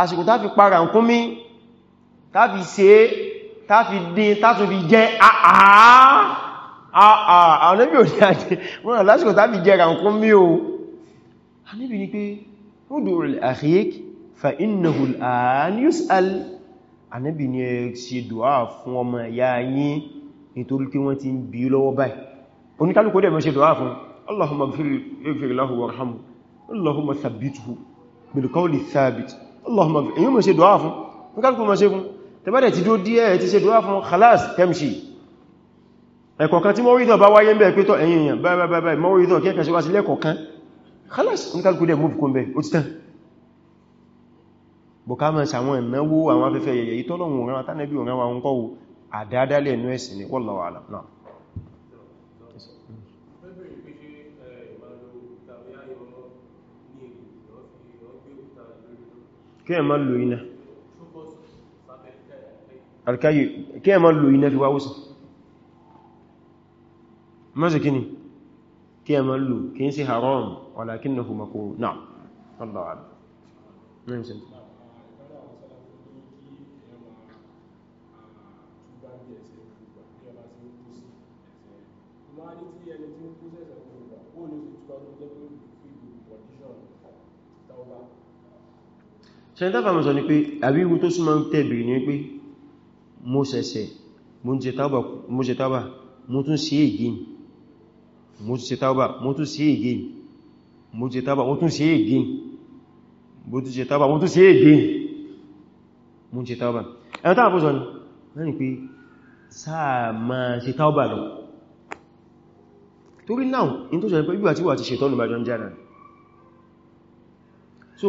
àsìkò tá fi para nǹkan mí tá fi ṣe tá fi dín tá tún fi jẹ àà Ànábì ò ní fa innahu al-an yus'al Ànábì ní ẹ ṣe dùá fún ọmọ ìyá yín nítorí اللهم اغفر اغفر له وارحمه اللهم ثبته بالقول الثابت اللهم اغفر ايوم ṣe dua fún nǹkan ko ma ṣe fún tẹ́ bá dé ti do díẹ̀ ti ṣe dua fún khalas temshi ẹ kọ̀kan tí mo rí do bá wáyé ńbẹ̀ pé tó ẹ̀yin yan bye bye bye mo rí do ke kan ṣe wá sí le kọ̀kan khalas nǹkan ko de move ko ńbẹ̀ ó ti tán bo ka ma ṣàwọn ìnáwó àwọn afẹ́fẹ́ yẹ̀yẹ̀ yi tọlọ́run ran atanabi ran wa nko wo adada le nu ẹ̀sìn ni wallahu alam na'am kí ẹ ma lò iná alkayo kí ẹ ma lò iná fi wá wùsàn mọ́sí kí ni kí ẹ ma lò kí n sí haram walakinnahu makruh náà sẹ́ntà fàmọ́ sọ ní pé àbíwú tó súnmọ́ tẹ́bìrì ní pé mo ṣẹ̀ṣẹ̀ mo ṣe tábà mo tún ṣe again mo ṣe tábà mo tún ṣe again mo ṣe tábà mo tún ṣe again mo tún ṣe tábà mo tún ṣe again mo ṣe tábà ẹ̀rọ tábà fún sọ ní lẹ́yìn pé sáà máa ṣe tábà lọ torí náà in tó ṣe so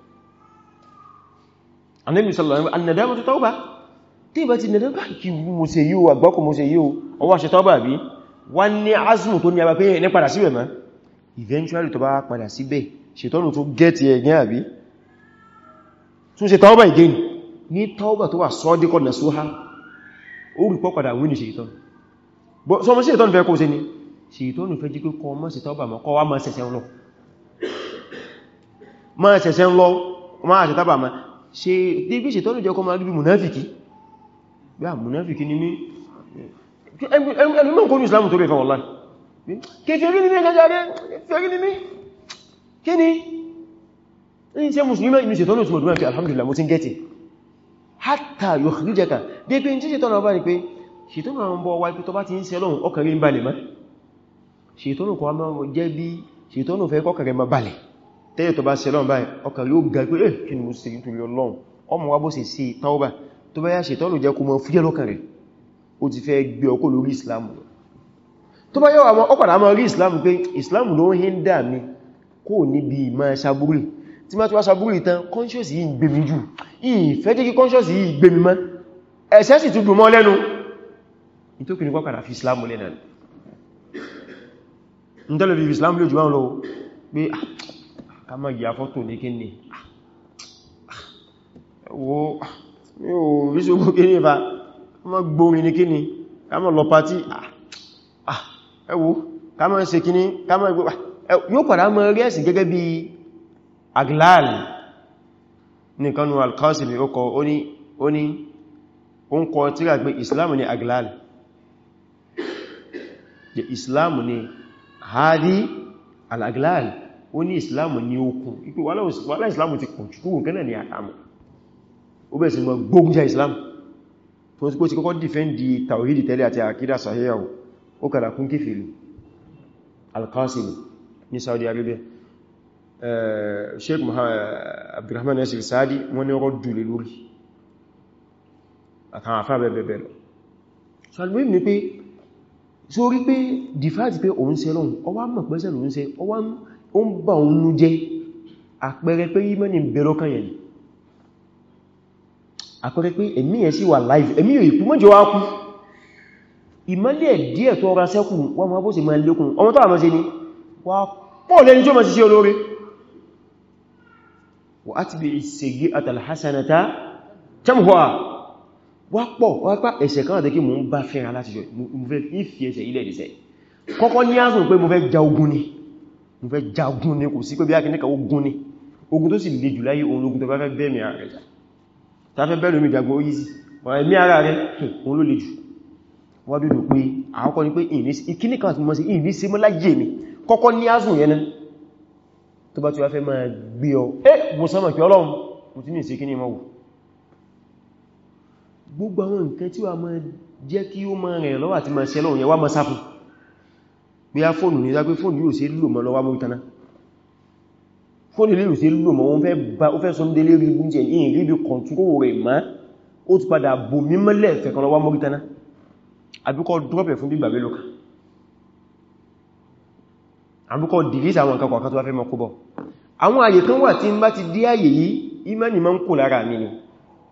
annabi sallallahu alaihi wasallam annadamu ta tauba tí bá ti nadam ah, bá kí mo ṣe yíò àgbákò mo ṣe yíò ó wá ṣe tauba bí wọ́n ní azmù tó ní abá pé ní padà síbẹ̀ mọ́ eventually tó bá padà síbẹ̀ ṣètọ́nù tó gẹ́ẹ̀tì ẹ̀gẹ́ àbí tún ṣe tauba again ní tauba tó wà sọ́díkọ̀ na sóhá ó rí pọ́padà wí ní ṣètọ́nù sọ mọ́ ṣètọ́nù fẹ́ kó ṣe ni ṣètọ́nù fẹ́ jí pé kọ mọ́ ṣètọ́bà mọ́ kọ́ wá máa ṣẹ̀ṣẹ̀ ń lọ máa ṣẹ̀ṣẹ̀ ń lọ máa ṣẹ̀tọ́bà mọ́ se ṣe se ṣètọ́nù jẹ́ kọmọ agbègbè munafiki gbá munafiki ni mí ẹlùmọ́ kó ní islamu tó rẹ̀kan wallahi kèfèrí ni mí ẹgbẹ́járe kèfèrí ni mí kí ni ní ṣe musulmi inú ṣètọ́nù tí mọ̀dúnmọ̀ fi alhamdulillah mo ti ń gẹ́tì hatta yukhrijaka dé pé ní ṣètọ́nù ọba ni pé ṣètọ́nù àwọn ọmọ wa tó bá ti ń sẹ́lọ́hun ọkàn rí ń balẹ̀ mọ́ ṣètọ́nù kọ́ tẹ́yẹ̀ tó bá ṣe lọ́n báyìí ọkà yóò ga pé eh kí ni mo ṣe nítorí Ọlọ́run ọmọ wa bó ṣe sí tàúbà tó bá yá ṣe tọ́lù jẹ́ kó mọ́ fúyẹ́ lọ́kàn rẹ̀ ó ti fẹ́ gbé ọkọ̀ lórí Islam tó bá yọ́ àwọn ọkọ̀dá mọ́ rí Islam pé Islam ló ń hin dà mí kó níbi ìmọ̀ ṣabúrì tí má tí wá ṣabúrì tán conscious yìí ń gbé mi jù ìfẹ́ jẹ́ kí conscious yìí gbé mi mọ́ ẹ̀ṣẹ̀ sì kọ́kàrà fi Islam lẹ́nà ní tọ́lù fi Islam lójú bá lọ pé ah, ká mọ̀ yà fọ́tò ní kíni wo ní o ríṣogbo kíni fa ká mọ̀ gbórin ní kíni ká mọ̀ lọ pàtí ẹwọ ká mọ̀ ṣe kíni ká mọ̀ ẹgbẹ́ yóò padà mọ̀ rí ẹ̀sìn gẹ́gẹ́ bí aglal nìkanu al-Qasimi ọkọ̀ ó ní ó ń kọ tíra Islam ni aglal Islam ni hadi al-aglal ó ní ìsìláàmù ní okùn ipò wàhálà ìsìláàmù ti pọ̀ jùkú nǹkan náà ni àtàmù ó bẹ̀rẹ̀ sí mọ́ gbógun jà ìsìláàmù tó ti kó ti kọ́kọ́ dìfẹ́ndì tàwídì tẹ́lẹ̀ àti àkídà sàhíyàwó ó kàdà Saudi Arabia eh, Sheikh Abdurrahman Nasir Saadi wọ́n ní rọ́dù lè lórí àtàwọn afá bẹ̀bẹ̀bẹ̀ lọ sọ́lùmí ni pé sórí pé dìfáàtì pé òun ṣe lọ́hun ọwá mọ̀ pẹ́sẹ̀ ó ń bà ń nú jẹ́ àpẹẹrẹ pé ìmánì ń bẹ lọ́kàn yẹn àpẹẹrẹ pé ẹ̀mí yẹn sí wà láìfẹ́ ẹ̀mí yóò ikú mọ́jọ wá kú ìmọ́lẹ̀ díẹ̀ tó ọra sẹ́kù wọ́n mọ́ bó sì máa lékún ọmọ tó àmọ́ sí ni wà pọ̀ lẹ́ni tó mọ́ sí sí olóre wà á ti bí ìsègí àtàlhásánátá tẹ́mùhọ́ wà pọ̀ mo fẹ́ jagun ní kò sí pé bí akínẹ́kà ogun ní ogun tó sì lè jù láyé òun ogun tó bá fẹ́ bẹ́ẹ̀mì ara rẹ̀ ta fẹ́ bẹ́ẹ̀lú mi jagun orízi wọ́n ẹ̀mí ara rẹ̀ òun ló lè jù wọ́n dúdú pé àkọ́kọ́ ni pé ìkíní kan àti mọ́ sí ìní sí mọ́láyé mi kọ́kọ́ ní azùn yẹn náà tó bá ti wá fẹ́ máa gbé ọ ẹ́ mo sọ́mọ̀ pé pé á fóònù ní ìdágbé fóònù yóò ṣe lò mọ́ lọ́wọ́ mọ́tánà fóònù lè ṣe lò mọ́ ó fẹ́ sọ délé rí gúnjẹ yìí rí bí kọ̀ntúrò rẹ̀ má ó ti padà bò mímọ́lẹ̀ fẹ̀kan lọ́wọ́ mọ́tánà àbíkọ́ drọ́pẹ̀ fún gbígbà mélòó kan àbíkọ́ dìlís àwọn nǹkan kọ̀ọ̀kan tó wá fẹ́ ti dé àyè yìí ìmánì máa ń kò lára mi ni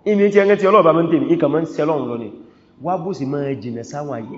ìmí tí ẹrẹ́ tí ọlọ́ọ̀bá mọ́ ń tèmi lọ wá bó sì máa jìnà sáwọn àyè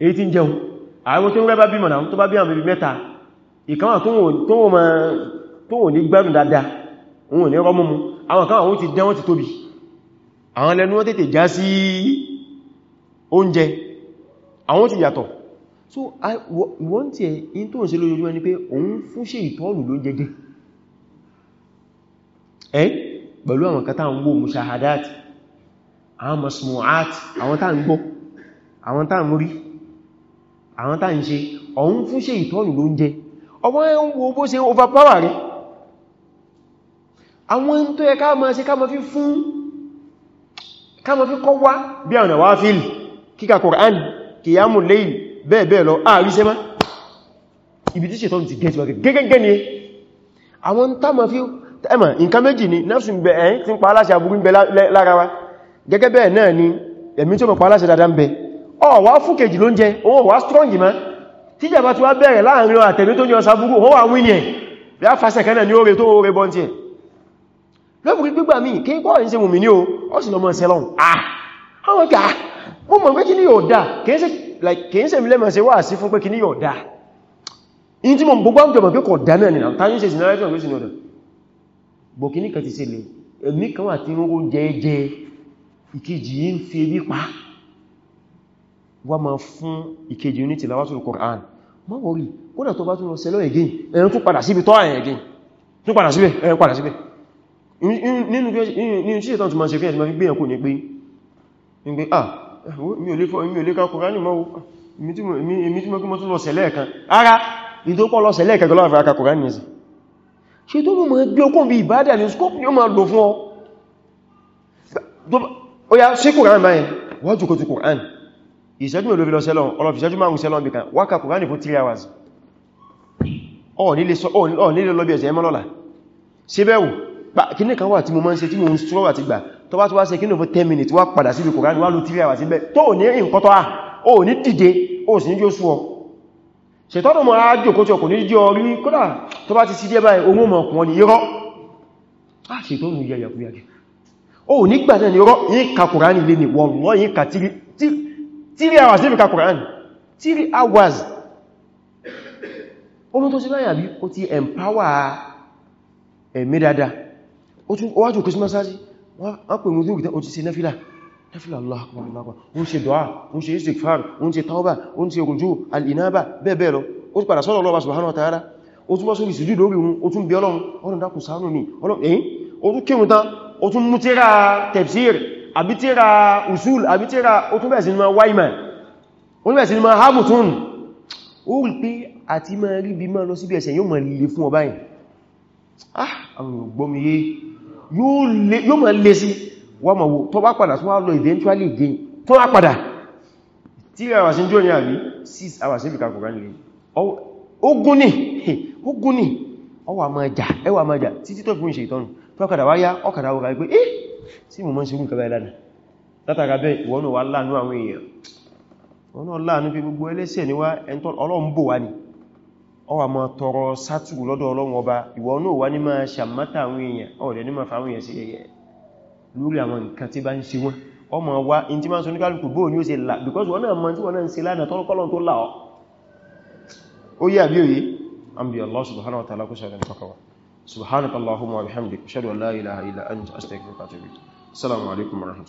èyí tí ń jẹun àwọn tí ń rẹ́ bá bímọ náà tó bá bí àwọn bèbí mẹ́ta ìkanwà tó wò ní gbẹ́rùn dáadáa òun ní rọ́mú mu àwọn kan àwọn ti dẹ́wọ́n ti tóbi àwọn lẹ́nu wọ́n tètè já sí oúnjẹ àwọn ti yàtọ̀ so wọ́n tí ẹ̀ in tó ń ṣe lójoojúmọ́ ni pé òun fún ṣe ìtọ́lù ló jẹgẹ ẹ́ pẹ̀lú àwọn kátà ń wò mushahadat àwọn masmu'at àwọn tá ń gbọ́ àwọn tá ń rí àwọn tá ń ṣe ọ̀hún fún ṣe ìtọ́nù ló ń jẹ ọwọ́ ẹ̀hún wo bó ṣe overpower rẹ̀ àwọn tó yẹ ká máa ṣe ká máa fi fún ká máa fi kọ́ wá bí àwọn àwá fíìlì kíkà Kùránì kìyàmù lẹ́yìn bẹ́ẹ̀ bẹ́ẹ̀ lọ ààrí ṣe má ibi tí ṣètọ́nù ti gẹ́ẹ̀tì ni àwọn tá máa fi ẹmà nǹkan méjì ni nafsu ń bẹ ẹ̀yìn tí ń pa aláṣẹ aburú gẹ́gẹ́ bẹ́ẹ̀ náà ni ẹ̀mí tó mọ̀ pa aláṣẹ dáadáa ń bẹ ọ̀wá fúkèjì ló ń jẹ òun wà strong ma tí jàmbá ti wá bẹ̀rẹ̀ láàrin àtẹ̀mí tó ní ọsá búrú wọ́n wà wíní ẹ̀ bí a fàṣẹ kẹ́nà ní oore tó oore bọ́ntí ẹ̀ lọ́pùrí gbígbà míì kí kọ́ ìṣẹ́ mùmí ní o ó sì lọ́mọ ṣẹlọ́n ah àwọn kà mọ́ mọ̀ pé kí ní yóò dá kìí ṣe mílẹ̀mọ̀ ṣe wà sí fún pé kí ní yóò dá in tí mọ̀ gbogbo àwọn jọmọ̀ pé kọ̀ dá náà nìyàn tàbí ṣe sinara ẹ̀tọ́ ìgbésìn ọ̀dọ̀ bọ̀ kí ní kan ti ṣe lè ẹ̀mí kan wà tí ń ró jẹ́ jẹ́ ìkejì yìí ń fi ebi pa wá ma fún ìkejì ní tilawatul Qur'an ma wọ́rí kódà tó bá tún lọ sẹ́lọ́ ẹ̀gẹ́ ẹ̀yìn tún padà síbi tọ́ ẹ̀yìn ẹ̀gẹ́ tún padà síbẹ̀ ẹ̀yìn padà síbẹ̀ nínú ṣíṣẹ́ tán tún ma ṣe fíyàn tí ma fi gbé ẹ̀kùn ní pé ah mi ò lè ka Qur'an mọ́ èmi tí mo tún lọ sẹ́lẹ̀ ẹ̀kan ara ìdókọ́ lọ sẹ́lẹ̀ ẹ̀kan gọ́lọ́wọ́ àkà Qur'an ní ẹ̀sìn ṣe tó mú mọ̀ ẹgbẹ́ okùn bí ìbádà ní scope ni ó máa lò fún ọ ó yá ṣe Qur'an báyẹn wájú kò ti Qur'an ìṣẹ́jú mẹ́lò fi lọ sẹ́lọ́n ọlọ́fi ìṣẹ́jú márùn sẹ́lọ́n bí kan wákà kùránì fún 3 hours ọ̀ nílé lọ́bí ẹ̀sẹ̀ ẹmọ́ lọ́la síbẹ̀wò kíní kan wà tí mo máa ń ṣe tí mo ń sọ́rọ̀ àti gbà tó bá tó wá ṣe kíní fún 10 minutes wá padà sí kùránì wá ló 3 hours síbẹ̀ tó ò ní nǹkan tó à ò ní dìde ò sì ní jó sú ọ ṣètọ́nà mọ́ ájò kó tí ọkùn ní jí ọrí kódà tó bá ti sí díẹ̀ báyìí ohun ọmọ ọkùn ni irọ́ á ṣètọ́nù yẹyà kúyàjù ò nígbà náà ni irọ́ yíká kùránì lé ní wọ́n wọ́n yíká tí three hours ní ìfìkà Kùránì three hours omi tó sí láyà bí ó ti empower ẹ̀mí dada ó tún wájú Christmas sáájí wọ́n pè mú sí òkúta ó ti se náfílà náfílà Allah akbar akbar ó ń ṣe dọ́à ó ń ṣe istighfar ó ń ṣe tauba ó ń ṣe ruju Alinaba inaba bẹ́ẹ̀bẹ́ẹ̀ lọ ó ti padà sọ́dọ̀ Ọlọ́run subhanahu wa ta'ala ó tún bọ́ sórí ìsìjú lórí ohun ó tún bí Ọlọ́run Ọlọ́run dákùn ṣàánú mi Ọlọ́run ẹ̀yìn ó tún kírun tán ó tún mú tírà tafsir àbí usul àbí tírà ó tún bẹ̀rẹ̀ sí ní ma waiman ó tún bẹ̀rẹ̀ sí ní ma hamilton ó rí pé àti ma rí bí ma lọ síbi ẹ̀sẹ̀ yóò ma lè fún ọba yìí ah àwọn ògbọ́mìyé yóò ma lè sí wọ́n ma wo tó bá padà tó wá lọ eventually again tó wá padà tí àwọn àṣín jò ní àbí 6 àwọn àṣín ìbìkà kòrán ní ogun ní ogun ní ọwà ma jà ẹwà ma jà sí mo mọ́ ṣe rú kẹbẹ̀ lánàá látara bẹ́ ìwọ́nà wà láàánú àwọn èèyàn wọ́n náà láàánú pé gbogbo ẹlẹ́ṣẹ̀ ni wá ẹntọ́ ọlọ́run bò wá ní ọwà máa tọrọ sátùrù lọ́dọ̀ ọlọ́run ọba ìwọ́nà wà ní máa ṣàmátà àwọn èèyàn ọ̀dẹ̀ ní máa fàwọn èèyàn sí ẹyẹ lórí àwọn nǹkan tí bá ń ṣe wọ́n ọmọ wa in ti máa ń sọ ní kálùkù bóò ní ó ṣe là because wọ́n náà mọ̀ tí wọ́n náà ń Allah subhanahu wa ta'ala kó sọ̀rọ̀ nípa subhanakallahumma wa bihamdik ashhadu an la ilaha illa anta astaghfiruka wa atubu ilayk assalamu alaikum wa rahmatullahi